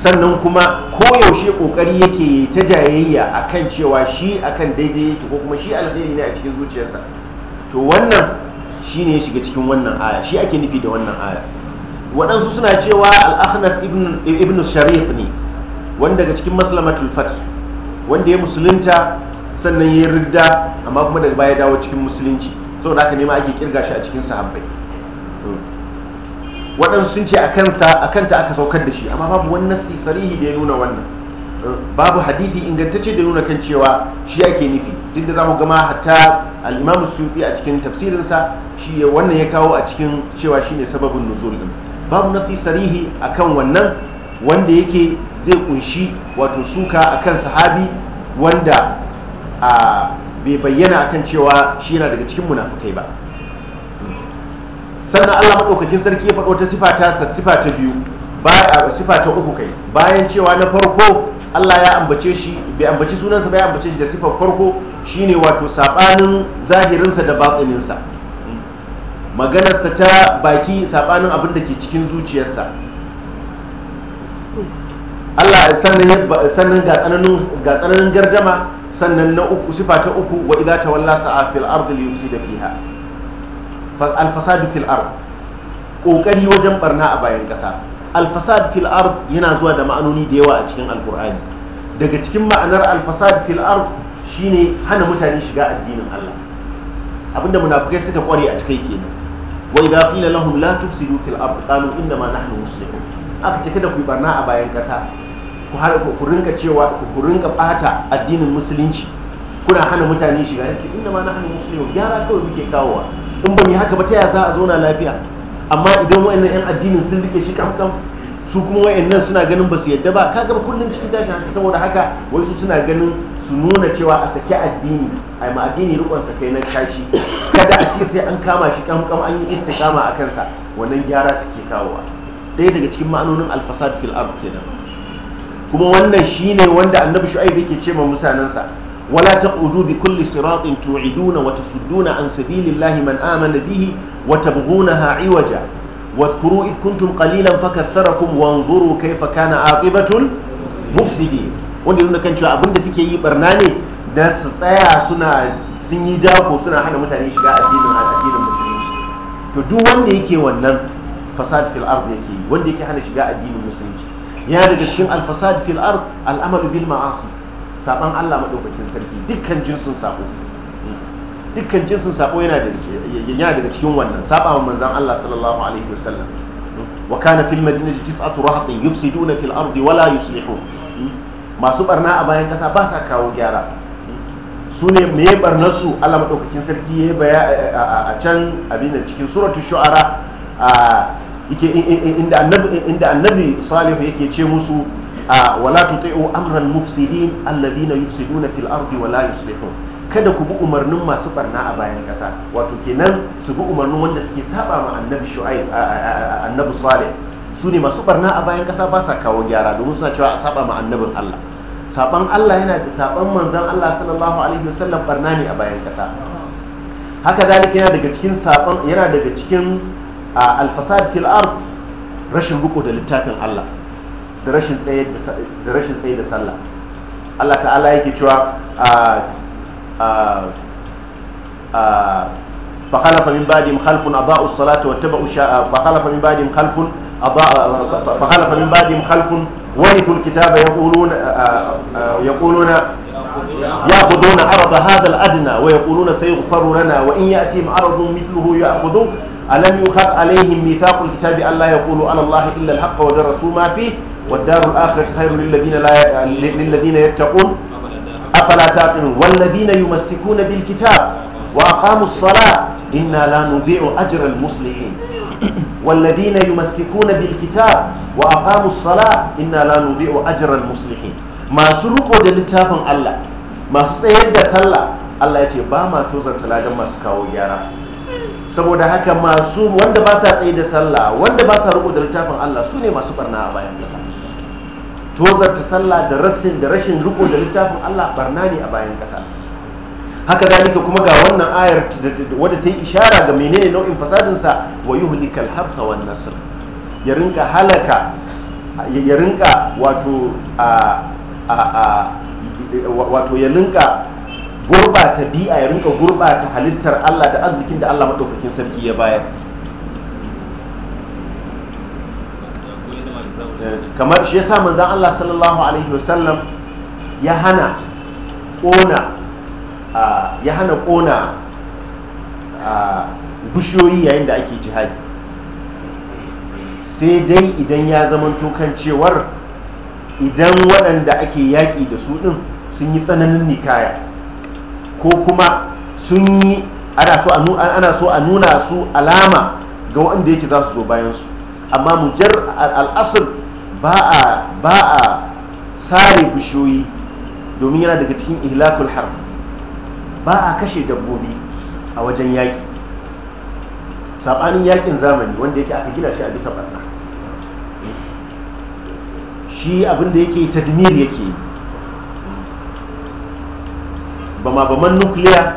sannan kuma koyaushe kokari yake ta jayayya akan cewa shi akan daidai yake ko kuma shi alkhairi ne a cikin zuciyarsa to wannan shi ne ya shiga cikin wannan aya shi ake nufi da wannan aya waɗansu suna cewa al ibn sharif ne wanda daga cikin maslamatul fath wanda ya musulunta sannan ya yi ridda amma kuma daga baya dawo cikin musulunci sau da aka nema ake kirga shi a cikin sahabbai hmm. waɗansu sun ce a kansa a kanta aka saukar da shi amma babu wani nasi sarihi da ya nuna wannan hmm. babu hadithi ingantacce da nuna kan cewa shi ake nufi duk da zamu gama hatta al-Imam Suyuti a cikin tafsirinsa shi wannan ya kawo a cikin cewa shi ne sababin nuzul din babu nasi sarihi a kan wannan wanda yake zai kunshi wato suka a kan sahabi wanda a bai bayyana akan cewa shi yana daga cikin munafukai ba sannan Allah maɗaukakin sarki ya faɗo ta sifa ta sifa ta biyu sifa ta uku kai bayan cewa na farko Allah ya ambace shi bai ambaci sunansa ba ya ambace shi da sifar farko shine wato sabanin zahirinsa da batsininsa maganarsa ta baki sabanin abin da ke cikin zuciyarsa Allah sannan ga tsananin gardama sannan na uku sifa ta uku wa idza tawalla sa'a fil ardi li yufsida fiha fa al fasad fil ard kokari wajen barna a bayan kasa al fasad fil ard yana zuwa da ma'anoni da yawa a cikin alqur'ani daga cikin ma'anar al fasad fil ard shine hana mutane shiga addinin Allah abinda munafikai suka kware a cikai kenan wa idza qila lahum la tufsidu fil ard qalu inna ma nahnu muslimun aka cika kada ku barna a bayan kasa ku har ku rinka cewa ku rinka bata addinin musulunci kuna hana mutane shiga yake inda ma na hana musulmi gyara kawai muke kawowa in ba mu haka ba ta yaya za a zauna lafiya amma idan wayannan yan addinin sun rike shi kamkam su kuma wayannan suna ganin ba su yadda ba kaga ba kullun cikin tashin haka saboda haka wai su suna ganin su nuna cewa a sake addini a ma addini rikon sa kai na tashi kada a ce sai an kama shi kamkam an yi istikama a kansa wannan gyara suke kawowa ɗaya daga cikin ma'anonin alfasad fil ard kenan kuma wannan shine wanda annabi shu'aib yake ce ma mutanansa wala taqudu bi kulli siratin tu'iduna wa tasudduna an sabilillahi man amana bihi wa tabghunaha iwaja واذكروا إذ كنتم قليلا فكثركم وانظروا كيف كان عاقبة المفسدين wanda nuna kan cewa abin da suke yi barna ne da su tsaya suna sun yi dako suna hana mutane shiga addinin addinin musulunci to duk wanda yake wannan fasad fil ard yake yi wanda yake hana shiga addinin ya daga cikin alfasad fil ard al'amalu bil ma'asi saban Allah madaukakin sarki dukkan jinsin sako dukkan jinsin sako yana daga cikin wannan saba wa manzon Allah sallallahu alaihi wasallam wa kana fil madinati tis'atu rahatin yufsiduna fil ard wa la yuslihun masu barna a bayan kasa ba sa kawo gyara su ne me ya barnar su Allah madaukakin sarki ya baya a can abin cikin suratul shu'ara a inda annabi salihu yake ce musu ah, wala tuti'u amran mufsidin alladhina yufsiduna fil ardi wala yuslihun kada ku bi umarnin masu barna a bayan kasa wato kenan su bi umarnin wanda suke saba ma annabi shu'aib annabi salih su ne masu barna a bayan kasa ba sa kawo gyara domin suna cewa a saba ma annabin Allah saban Allah yana da saban manzon Allah sallallahu alaihi wasallam barna ne a bayan kasa haka zalika yana daga cikin saban yana daga cikin a alfasad fil ard rashin riko da littafin Allah da rashin tsaye da rashin sallah Allah ta'ala yake cewa a a a fa khalafa min ba'dihim khalfun adaa'u as-salata wa tabu sha'a fa khalafa min ba'dihim khalfun adaa'u fa khalafa min ba'dihim khalfun warithu al-kitaba yaquluna yaquluna ياخذون عرض هذا الادنى ويقولون سيغفر لنا وان ياتيهم عرض مثله ياخذوه ألم يخف عليهم ميثاق الكتاب أن لا يقولوا على الله إلا الحق ودرسوا ما فيه والدار الآخرة خير للذين لا ي... للذين يتقون أفلا تعقلون والذين يمسكون بالكتاب وأقاموا الصلاة إنا لا نضيع أجر المصلحين والذين يمسكون بالكتاب وأقاموا الصلاة إنا لا نضيع أجر المصلحين ما سلكوا للتاف الله ما سيد صلى الله يتي ما توزر تلاجم ما سكاو يارا saboda haka masu wanda ba sa tsaye da sallah wanda ba sa riko da littafin Allah su ne masu barna a bayan ƙasa tozarta sallah da rashin da rashin riko da littafin Allah barna ne a bayan ƙasa haka dalika kuma ga wannan ayar wadda ta yi ishara ga menene nau'in fasadin sa wa yuhlikal harfa wan nasr ya rinka halaka ya rinka wato a a wato ya linka gurbata bi'a ya rinka gurbata halittar Allah da arzikin da Allah maɗaukakin sarki ya bayar kamar shi ya sa manzan Allah sallallahu alaihi wasallam ya hana ƙona ya hana ƙona bishiyoyi yayin da ake jihadi sai dai idan ya zamanto kan cewar idan waɗanda ake yaƙi da su ɗin sun yi tsananin nikaya ko kuma sun yi ana so a nuna su alama ga wanda yake za su zo bayansu amma mujar al'asir ba a sare bishiyoyi domin yana daga cikin ihlakul harf ba a kashe dabbobi a wajen yaƙi saɓanin yaƙin zamani wanda yake aka gina shi a bisa barna shi abinda yake tadmir yake yi bama baman nukiliya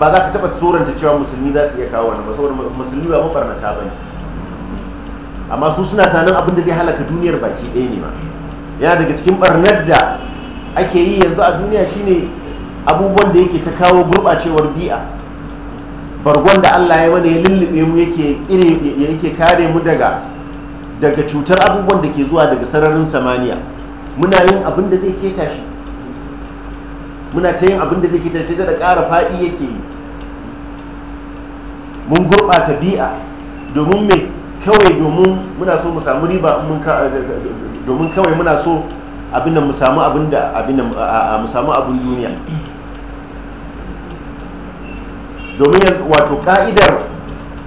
ba za ka taɓa tsoranta cewa musulmi za su iya kawo wani ba saboda musulmi ba mafarnata ba ne amma su suna tanan abin da zai halaka duniyar baki ɗaya ne ma yana daga cikin ɓarnar da ake yi yanzu a duniya shine abubuwan da yake ta kawo gurɓacewar bi'a bargon da allah ya wani ya lullube mu yake yake kare mu daga daga cutar abubuwan da ke zuwa daga sararin samaniya muna yin abin da zai keta shi muna ta yin abin da zai ta sai da ƙara faɗi yake yi mun gurɓata bi'a domin me kawai domin muna so mu samu riba domin kawai muna so abin da mu samu abin da abin da mu samu abin duniya domin wato ka'idar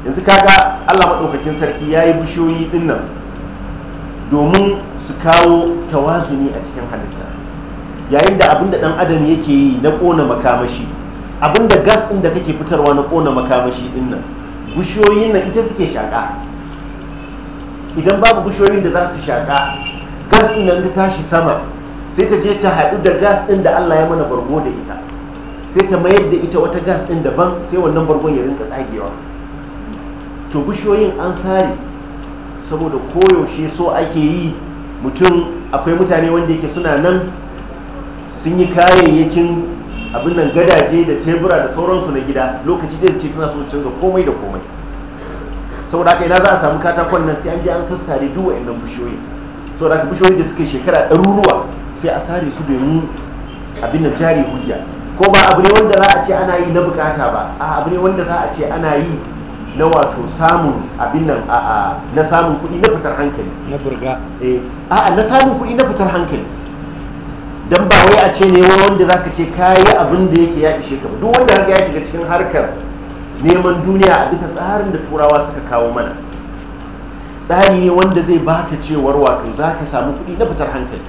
yanzu kaga Allah maɗaukakin sarki ya yi bishiyoyi ɗin nan domin su kawo tawazuni a cikin halitta yayin da abin da dan adam yake yi na kona makamashi abin da gas din da kake fitarwa na kona makamashi din nan bushiyoyin nan ita suke shaka idan babu bushiyoyin da za su shaka gas din nan ta tashi sama sai ta je ta haɗu da gas ɗin da Allah ya mana bargo da ita sai ta mayar da ita wata gas ɗin daban sai wannan bargon ya rinka tsagewa to bushiyoyin an sare saboda koyaushe so ake yi mutum akwai mutane wanda yake suna nan sun yi kayayyakin abin nan gadaje da tebura da sauransu na gida lokaci ɗaya su ce suna so canza komai da komai saboda haka ina za a samu katakon nan sai an je an sassare duk wa'annan bishiyoyi saboda haka bishiyoyi da suke shekara ɗaruruwa sai a sare su domin abin da jari hujja ko ba abu ne wanda za a ce ana yi na bukata ba a abu ne wanda za a ce ana yi na wato samun abin nan a na samun kuɗi na fitar hankali na burga eh a na samun kuɗi na fitar hankali don ba wai a ce ne wanda za ka ce kayi abin da yake ya ishe ka duk wanda harka ya shiga cikin harkar neman duniya a bisa tsarin da turawa suka kawo mana tsari ne wanda zai baka cewar wato za ka samu kuɗi na fitar hankali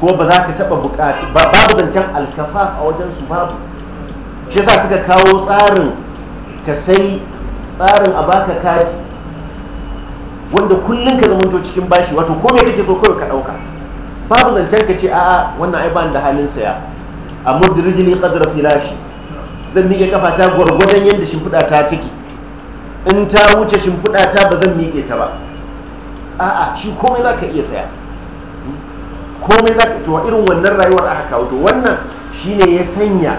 ko ba za ka taɓa buƙatu babu zancen alkafa a wajen su babu shi yasa suka kawo tsarin ka sai tsarin a baka kati wanda kullum ka zamanta cikin bashi wato ko me kake so kawai ka ɗauka babu zancen ka ce a wannan ai bani da halin saya a mudrijini qadra filashi zan miƙe kafa ta gwargwadon yadda shimfiɗa ta ciki in ta wuce shimfiɗa ta ba zan miƙe ta ba a'a shi komai za ka iya saya komai za ka to irin wannan rayuwar aka kawo to wannan shine ya sanya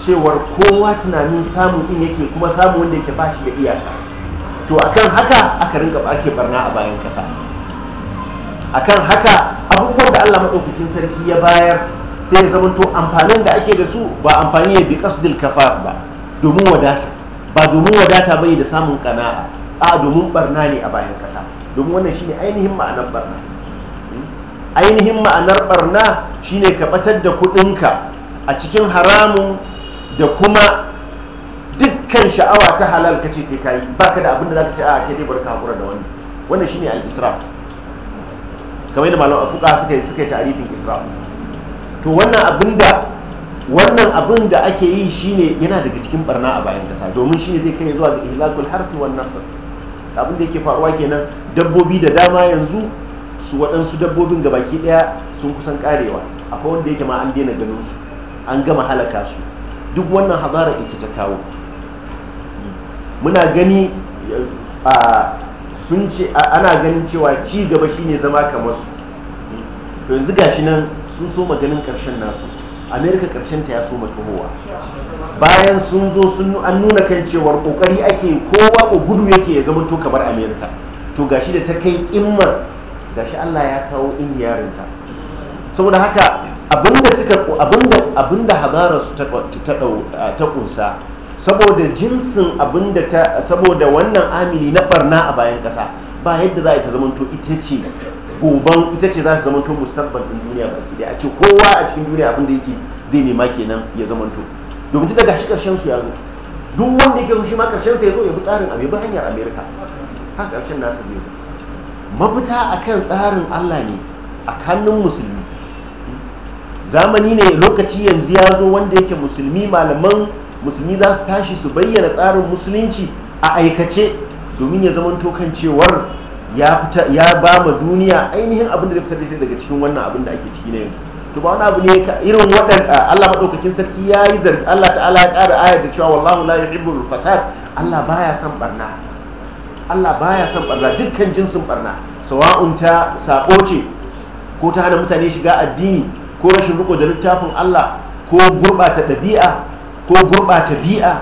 cewar kowa tunanin samun din yake kuma samu wanda yake bashi da iyaka to akan haka aka rinka ake barna a bayan kasa akan haka abubuwan da Allah madaukakin sarki ya bayar sai ya zama to amfanin da ake da su ba amfani ya bi kasdil kafa ba domin wadata ba domin wadata bai da samun kana'a a domin barna ne a bayan kasa domin wannan shine ainihin ma'anar barna hmm? ainihin ma'anar barna shine ka batar da kudinka a cikin haramun da kuma dukkan sha'awa ta halal kace sai kai baka da abin da zaka ce a kai dai barka hakura da wannan wannan shine al-israf kamar yadda malam fuka suka suka yi ta'arifin israf to wannan abin da wannan abin da ake yi shine yana daga cikin barna a bayan kasa domin shine zai kai zuwa ga ihlakul harfi wan nasr abin da yake faruwa kenan dabbobi da dama yanzu su wadansu dabbobin ga gabaki daya sun kusan karewa akwai wanda yake ma an daina ganin su an gama halaka su duk wannan hazara ita ta kawo muna gani sun ce ana ganin cewa ci gaba shine zama kamar su to yanzu gashi nan sun so maganin karshen nasu amerika karshen ta ya so matuhowa bayan sun zo sun an nuna kan cewar kokari ake kowa ko gudu yake ya zama to kamar amerika to gashi da ta kai kimmar gashi allah ya kawo ingiyarinta saboda haka abinda suka abinda abinda hadararsu ta kunsa saboda jinsin abin da ta saboda wannan amili na barna a bayan kasa ba yadda za a ta zamanto ita ce goban ita ce za ta zamanto mustaqbal ɗin duniya ke da a ce kowa a cikin duniya abin da yake zai nema kenan ya zamanto domin tun daga shi su ya zo duk wanda yake shi ma ƙarshen sa ya zo ya bi tsarin abin ba hanyar amerika ha ƙarshen nasa zai zo mafita a kan tsarin allah ne a kanun musulmi zamani ne lokaci yanzu ya zo wanda yake musulmi malaman musulmi za su tashi su bayyana tsarin musulunci a aikace domin ya zama kan cewar ya ba ma duniya ainihin abin da zai fitar da shi daga cikin wannan abin da ake ciki na yanzu to ba wani abu ne irin waɗanda Allah madaukakin sarki ya yi zargi Allah ta'ala ya ƙara ayar da cewa wallahu la al fasad Allah baya son barna Allah baya son barna dukkan jinsin barna sawa'un ta sako ce ko ta hana mutane shiga addini ko rashin riko da littafin Allah ko gurɓata ɗabi'a ko gurɓata bi'a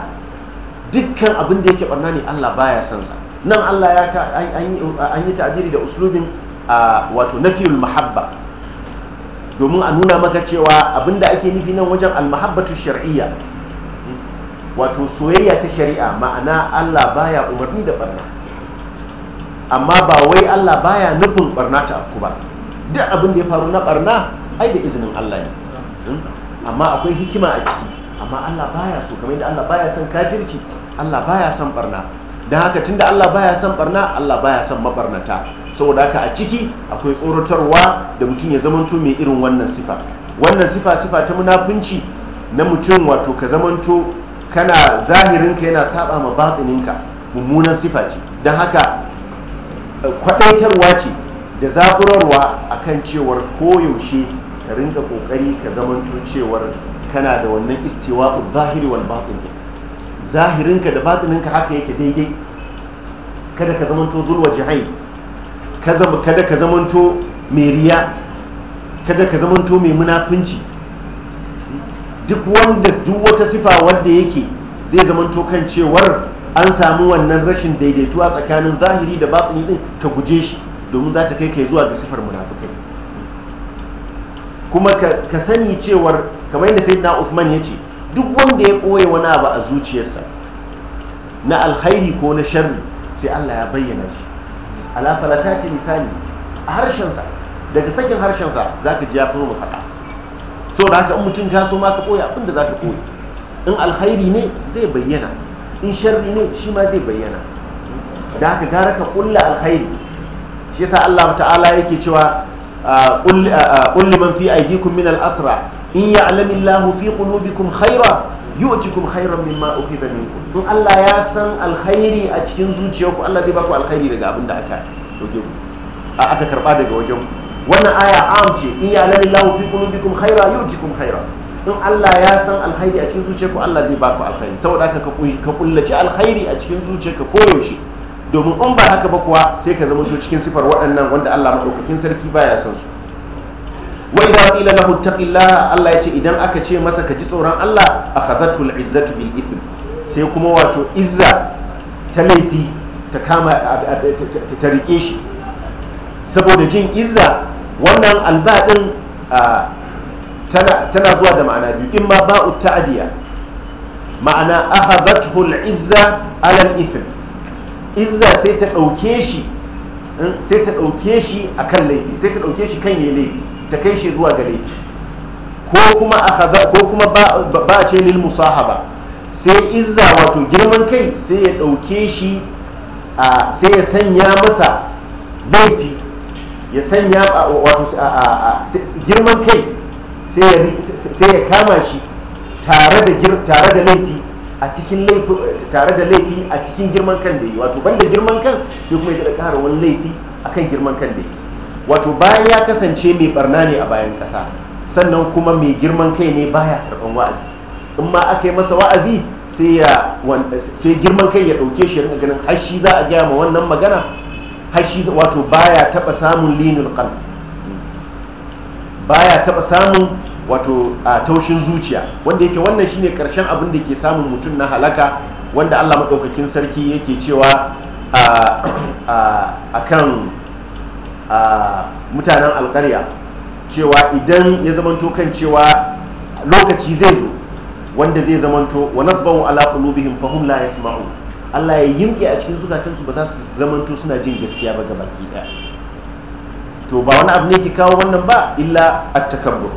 dukkan abin da yake barna ne Allah baya son sa nan Allah ya ka an yi ta'abiri da uslubin wato nafiyul mahabba domin a nuna maka cewa abin da ake nufi nan wajen almahabbatu shar'iyya wato soyayya ta shari'a ma'ana Allah baya umarni da barna amma ba wai Allah baya nufin barna ta afku ba duk abin da ya faru na barna ai da izinin Allah ne hmm? amma akwai hikima a ciki amma Allah baya so kamar yadda Allah baya son kafirci Allah baya son barna don haka tunda Allah baya son barna Allah baya son mabarnata saboda haka a ciki akwai tsoratarwa da mutum ya zamanto mai irin wannan sifa wannan sifa sifa ta munafunci na mutum wato ka zamanto kana zahirinka yana saba ma ka mummunan sifa ce don haka eh, kwadaitarwa ce da zaburarwa akan cewar koyaushe ka rinka kokari ka zamanto cewar kana da wannan istiwa zahiri wal batin zahirinka da batininka haka yake daidai kada ka zamanto zulwa jihai kada ka zamanto mai riya kada ka zamanto mai munafunci duk wanda duk wata sifa wanda yake zai zamanto kan cewar an samu wannan rashin a tsakanin zahiri da batini din ka guje shi domin za ta kai kai zuwa ga sifar munafukai kuma ka sani cewar kamar yadda sayyidina usman ya ce duk wanda ya ɓoye wani abu a zuciyarsa na alkhairi ko na sharri sai Allah ya bayyana shi ta ce misali a harshensa daga sakin harshensa zaka ji ya fi faɗa da haka in mutum ka so ma ka ɓoye abin da zaka ɓoye in alhairi ne zai bayyana in sharri ne shi ma zai bayyana da haka gara ka ƙulla alhairi shi yasa Allah ta'ala yake cewa ƙulli ah, ah, ah, man fi aydikum min al-asra in ya'lamillahu fi qulubikum khaira min khairan mimma da ninku. in Allah ya san alkhairi a cikin zuciyarku Allah zai baku alkhairi daga abin da aka doge ku aka karba daga wajen ku wannan aya am ce in ya'lamillahu fi yi wa cikin haira in Allah ya san alkhairi a cikin zuciyarku Allah zai baku alkhairi saboda haka ka kullaci alkhairi a cikin zuciyarka koyaushe domin in ba haka ba kuwa sai ka zama cikin sifar waɗannan wanda Allah maɗaukakin sarki baya son su wai da qila lahu taqillah Allah yace idan aka ce masa ka ji tsoron Allah akhadhatul izzatu bil ithm sai kuma wato izza ta laifi ta kama ta rike shi saboda jin izza wannan alba din tana zuwa da ma'ana biyu in ma ba'u ta'diya ma'ana akhadhatul izza ala al ithm izza sai ta dauke shi sai ta dauke shi akan laifi sai ta dauke shi kan yayi laifi ta kai shi zuwa gare ko kuma ko kuma ba ce lil musahaba sai izza wato girman kai sai ya dauke shi sai ya sanya masa laifi ya sanya wato girman kai sai ya kama shi tare da laifi a cikin laifi tare da laifi a cikin girman kan da yi wato banda girman kan sai kuma ya da ƙara wani laifi akan girman kan da yi wato bayan ya kasance mai barna ne a bayan kasa sannan kuma mai girman kai ne baya karɓan wa'azi in ma aka yi masa wa'azi sai girman kai ya ɗauke shi rinka ganin hashi za a gaya ma wannan magana hashi wato baya taɓa samun linin kan baya taɓa samun wato a taushin zuciya wanda yake wannan shine karshen abin da ke samun mutum na halaka wanda Allah maɗaukakin sarki yake cewa a kan mutanen alkarya cewa idan ya zamanto kan cewa lokaci zai zo wanda zai zamanto wa nasbahu ala qulubihim fahum la yasma'u Allah ya yimke a cikin zukatansu ba za su zamanto suna jin gaskiya ba gabaki da. to ba wani abu ne ke kawo wannan ba illa at-takabbur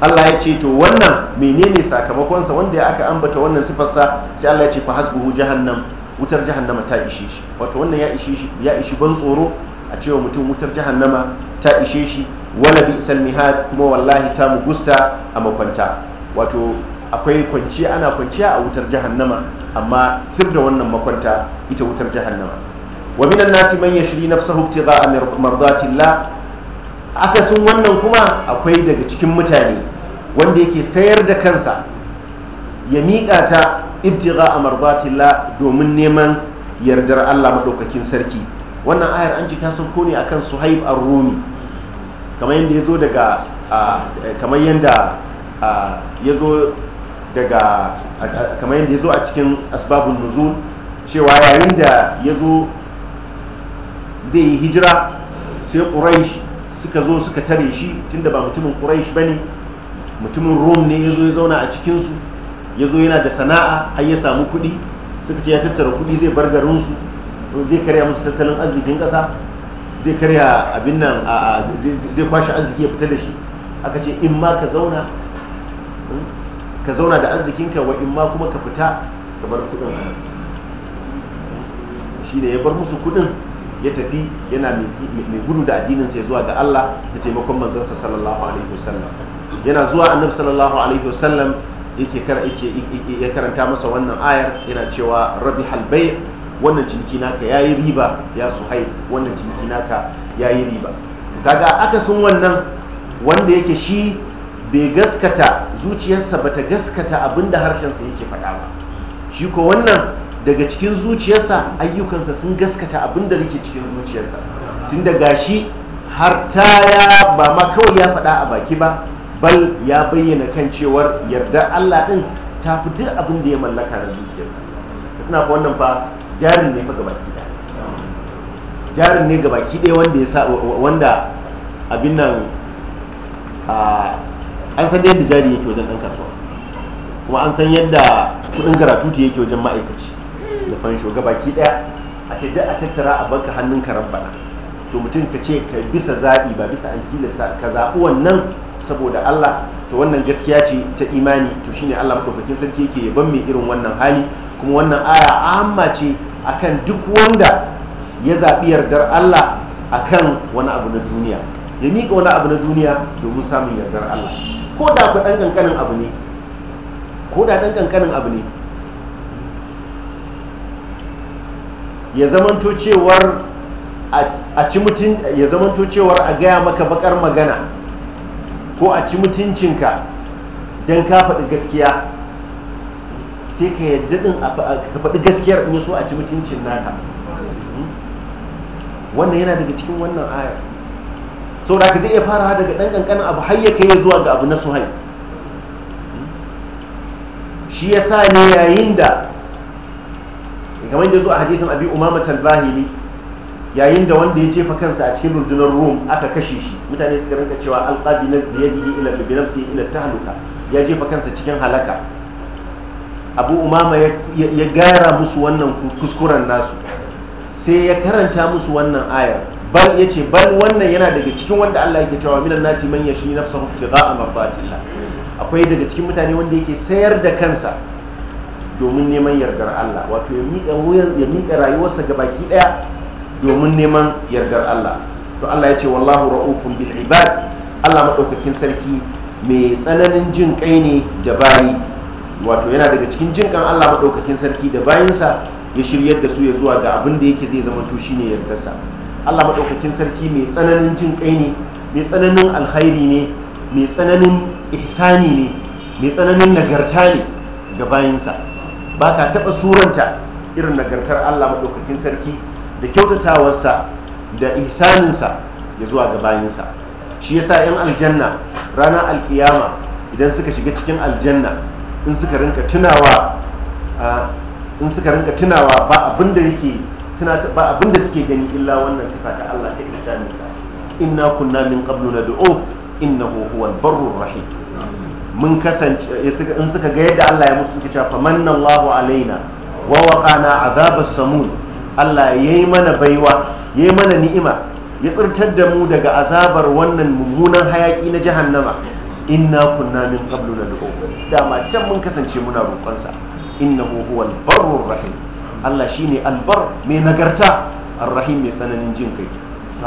Allah ya ce to wannan menene sakamakonsa wanda ya aka ambata wannan sifarsa sai Allah ya ce fa hasbuhu jahannam wutar jahannama ta ishe shi wato wannan ya ishe shi ya ishi ban tsoro a cewa mutum wutar jahannama ta ishe shi wala bi isal mihad kuma wallahi ta mugusta a makwanta wato akwai kwanciya ana kwanciya a wutar jahannama amma tir da wannan makwanta ita wutar jahannama wa minan nasi man yashri nafsahu ibtigha'a aka akasin wannan kuma akwai daga cikin mutane wanda yake sayar da kansa ya miƙa ta ibtigha'a mardatillah domin neman yardar Allah madaukakin sarki wannan ayar an ce ta sauko ne akan suhaib ar-rumi kamar yadda ya zo daga kamar yadda ya daga kamar yadda ya a cikin asbabun nuzul cewa yayin da ya zo zai yi hijira sai quraish suka zo suka tare shi tunda ba mutumin quraish bane mutumin rom ne ya zo ya zauna a cikinsu ya zo yana da sana'a har ya samu kuɗi suka ce ya tattara kuɗi zai bar garinsu zai karya musu tattalin arzikin kasa zai karya abin nan a zai kwashe arziki ya fita da shi aka ce in ma ka zauna hmm, ka zauna da arzikinka wa in ma kuma ka fita ka bar kudin shi ne ya bar musu kudin ya tafi yana mai gudu da addininsa ya zuwa ga Allah da taimakon manzansa sallallahu alaihi wasallam yana zuwa annabi sallallahu alaihi wasallam yake ya karanta masa wannan ayar yana cewa rabi halbai wannan ciniki naka ya yi riba ya su hai wannan ciniki naka ya yi riba kaga sun wannan wanda yake shi bai gaskata zuciyarsa bata gaskata abinda harshensa yake faɗa ba shi ko wannan daga cikin zuciyarsa ayyukansa sun gaskata abinda yake cikin zuciyarsa tun daga shi har ta ya ba ma kawai ya faɗa a baki ba bal ya bayyana kan cewar yardar allah ɗin ta fi duk abin da ya mallaka na zuciyarsa ina wannan fa jarin ne fa gabaki daya jarin ne baki ɗaya wanda ya sa wanda abin nan an san yadda jari yake wajen ɗan kasuwa kuma an san yadda kuɗin ta yake wajen ma'aikaci da fansho baki ɗaya, a ce duk a tattara a banka hannun ka rabba to mutum ka ce ka bisa zaɓi ba bisa an tilasta ka zaɓi wannan saboda Allah to wannan gaskiya ce ta imani to shine Allah madaukakin sarki yake yaban mai irin wannan hali kuma wannan aya amma ce akan duk wanda ya zaɓi yardar Allah akan wani abu na duniya ya miƙa wani abu na duniya domin samun yardar Allah ko da ku ɗan ƙanƙanin abu ne ko da ɗan ƙanƙanin abu ne ya zamanto cewar a ci mutun ya zamanto cewar a gaya maka bakar magana ko a ci mutuncinka don ka faɗi gaskiya sai ka yadda din ka faɗi gaskiyar in so a ci mutuncin naka hmm? wannan yana daga cikin wannan ayar sau da ka zai iya fara daga ɗan ƙanƙanin abu har ya kai zuwa ga abu na suhai hmm? shi ya sa ne yayin da kamar da zo a hadithin abi umama talbahili yayin da wanda ya jefa kansa a cikin rundunar rum aka kashe shi mutane suka rinka cewa alƙabi na yi ila bi nafsi ila haluka ya jefa kansa cikin halaka abu umama ya gara musu wannan kuskuren nasu sai ya karanta musu wannan ayar bal ya ce bal wannan yana daga cikin wanda allah yake cewa minan nasi man yashi nafsa huktiga a akwai daga cikin mutane wanda yake sayar da kansa domin neman yardar allah wato ya miƙa rayuwarsa ga baki ɗaya domin neman yardar allah to allah ya ce wallahu ra'ufun bil ibad allah maɗaukakin sarki mai tsananin jin kai ne da bari. wato yana daga cikin jin Allah maɗaukakin sarki da bayansa ya shiryar da su ya zuwa ga abin da yake zai zama to shine yardarsa Allah maɗaukakin sarki mai tsananin jin kai ne mai tsananin alkhairi ne mai tsananin ihsani ne mai tsananin nagarta ne ga bayansa ba ka taɓa suranta irin nagartar Allah maɗaukakin sarki da kyautatawarsa da ihsaninsa ya zuwa ga bayansa shi yasa 'yan aljanna ranar alkiyama idan suka shiga cikin aljanna in suka rinka tunawa in suka rinka tunawa ba abinda yake ba abinda suke gani illa wannan sifa ta Allah ta ihsanin sa inna kunna min qablu nad'u innahu huwal barru rahim mun kasance in suka ga yadda Allah ya musu cewa famanna Allahu alaina wa waqana azabas samud Allah yayi mana baiwa yayi mana ni'ima ya tsirtar da mu daga azabar wannan mummunan hayaki na jahannama inna kunna min qablu nad'u dama can mun kasance muna sa inna huwal barur rahim Allah shine albar mai nagarta arrahim mai tsananin jin kai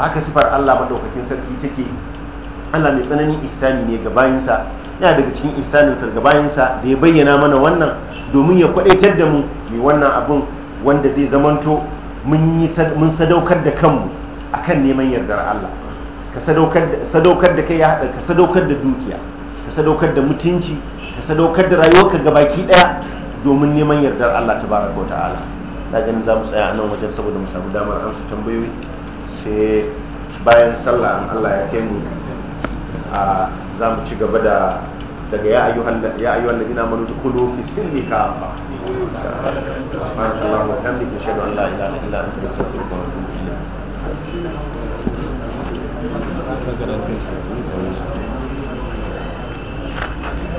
haka sifar Allah madaukakin sarki take Allah mai tsananin ihsani ne ga bayinsa yana daga cikin ihsanin sa ga sa da ya bayyana mana wannan domin ya kwadaitar da mu mai wannan abun wanda zai zamanto mun sadaukar da kanmu akan neman yardar Allah ka sadaukar da kai ya haɗa ka sadaukar da dukiya sadaukar da mutunci ka sadaukar da rayuwarka gabaki daya domin neman yardar Allah ta baraka wa ta'ala na ganin za mu tsaya a nan wajen saboda mu samu damar an su tambayoyi sai bayan sallah an Allah ya kai mu a za mu ci gaba da daga ya ayyuhan ya ayyuhan ladina amanu dukhulu fi sirri ka fa subhanallahi wa bihamdihi ashhadu an la ilaha illa anta astaghfiruka wa atubu ilayk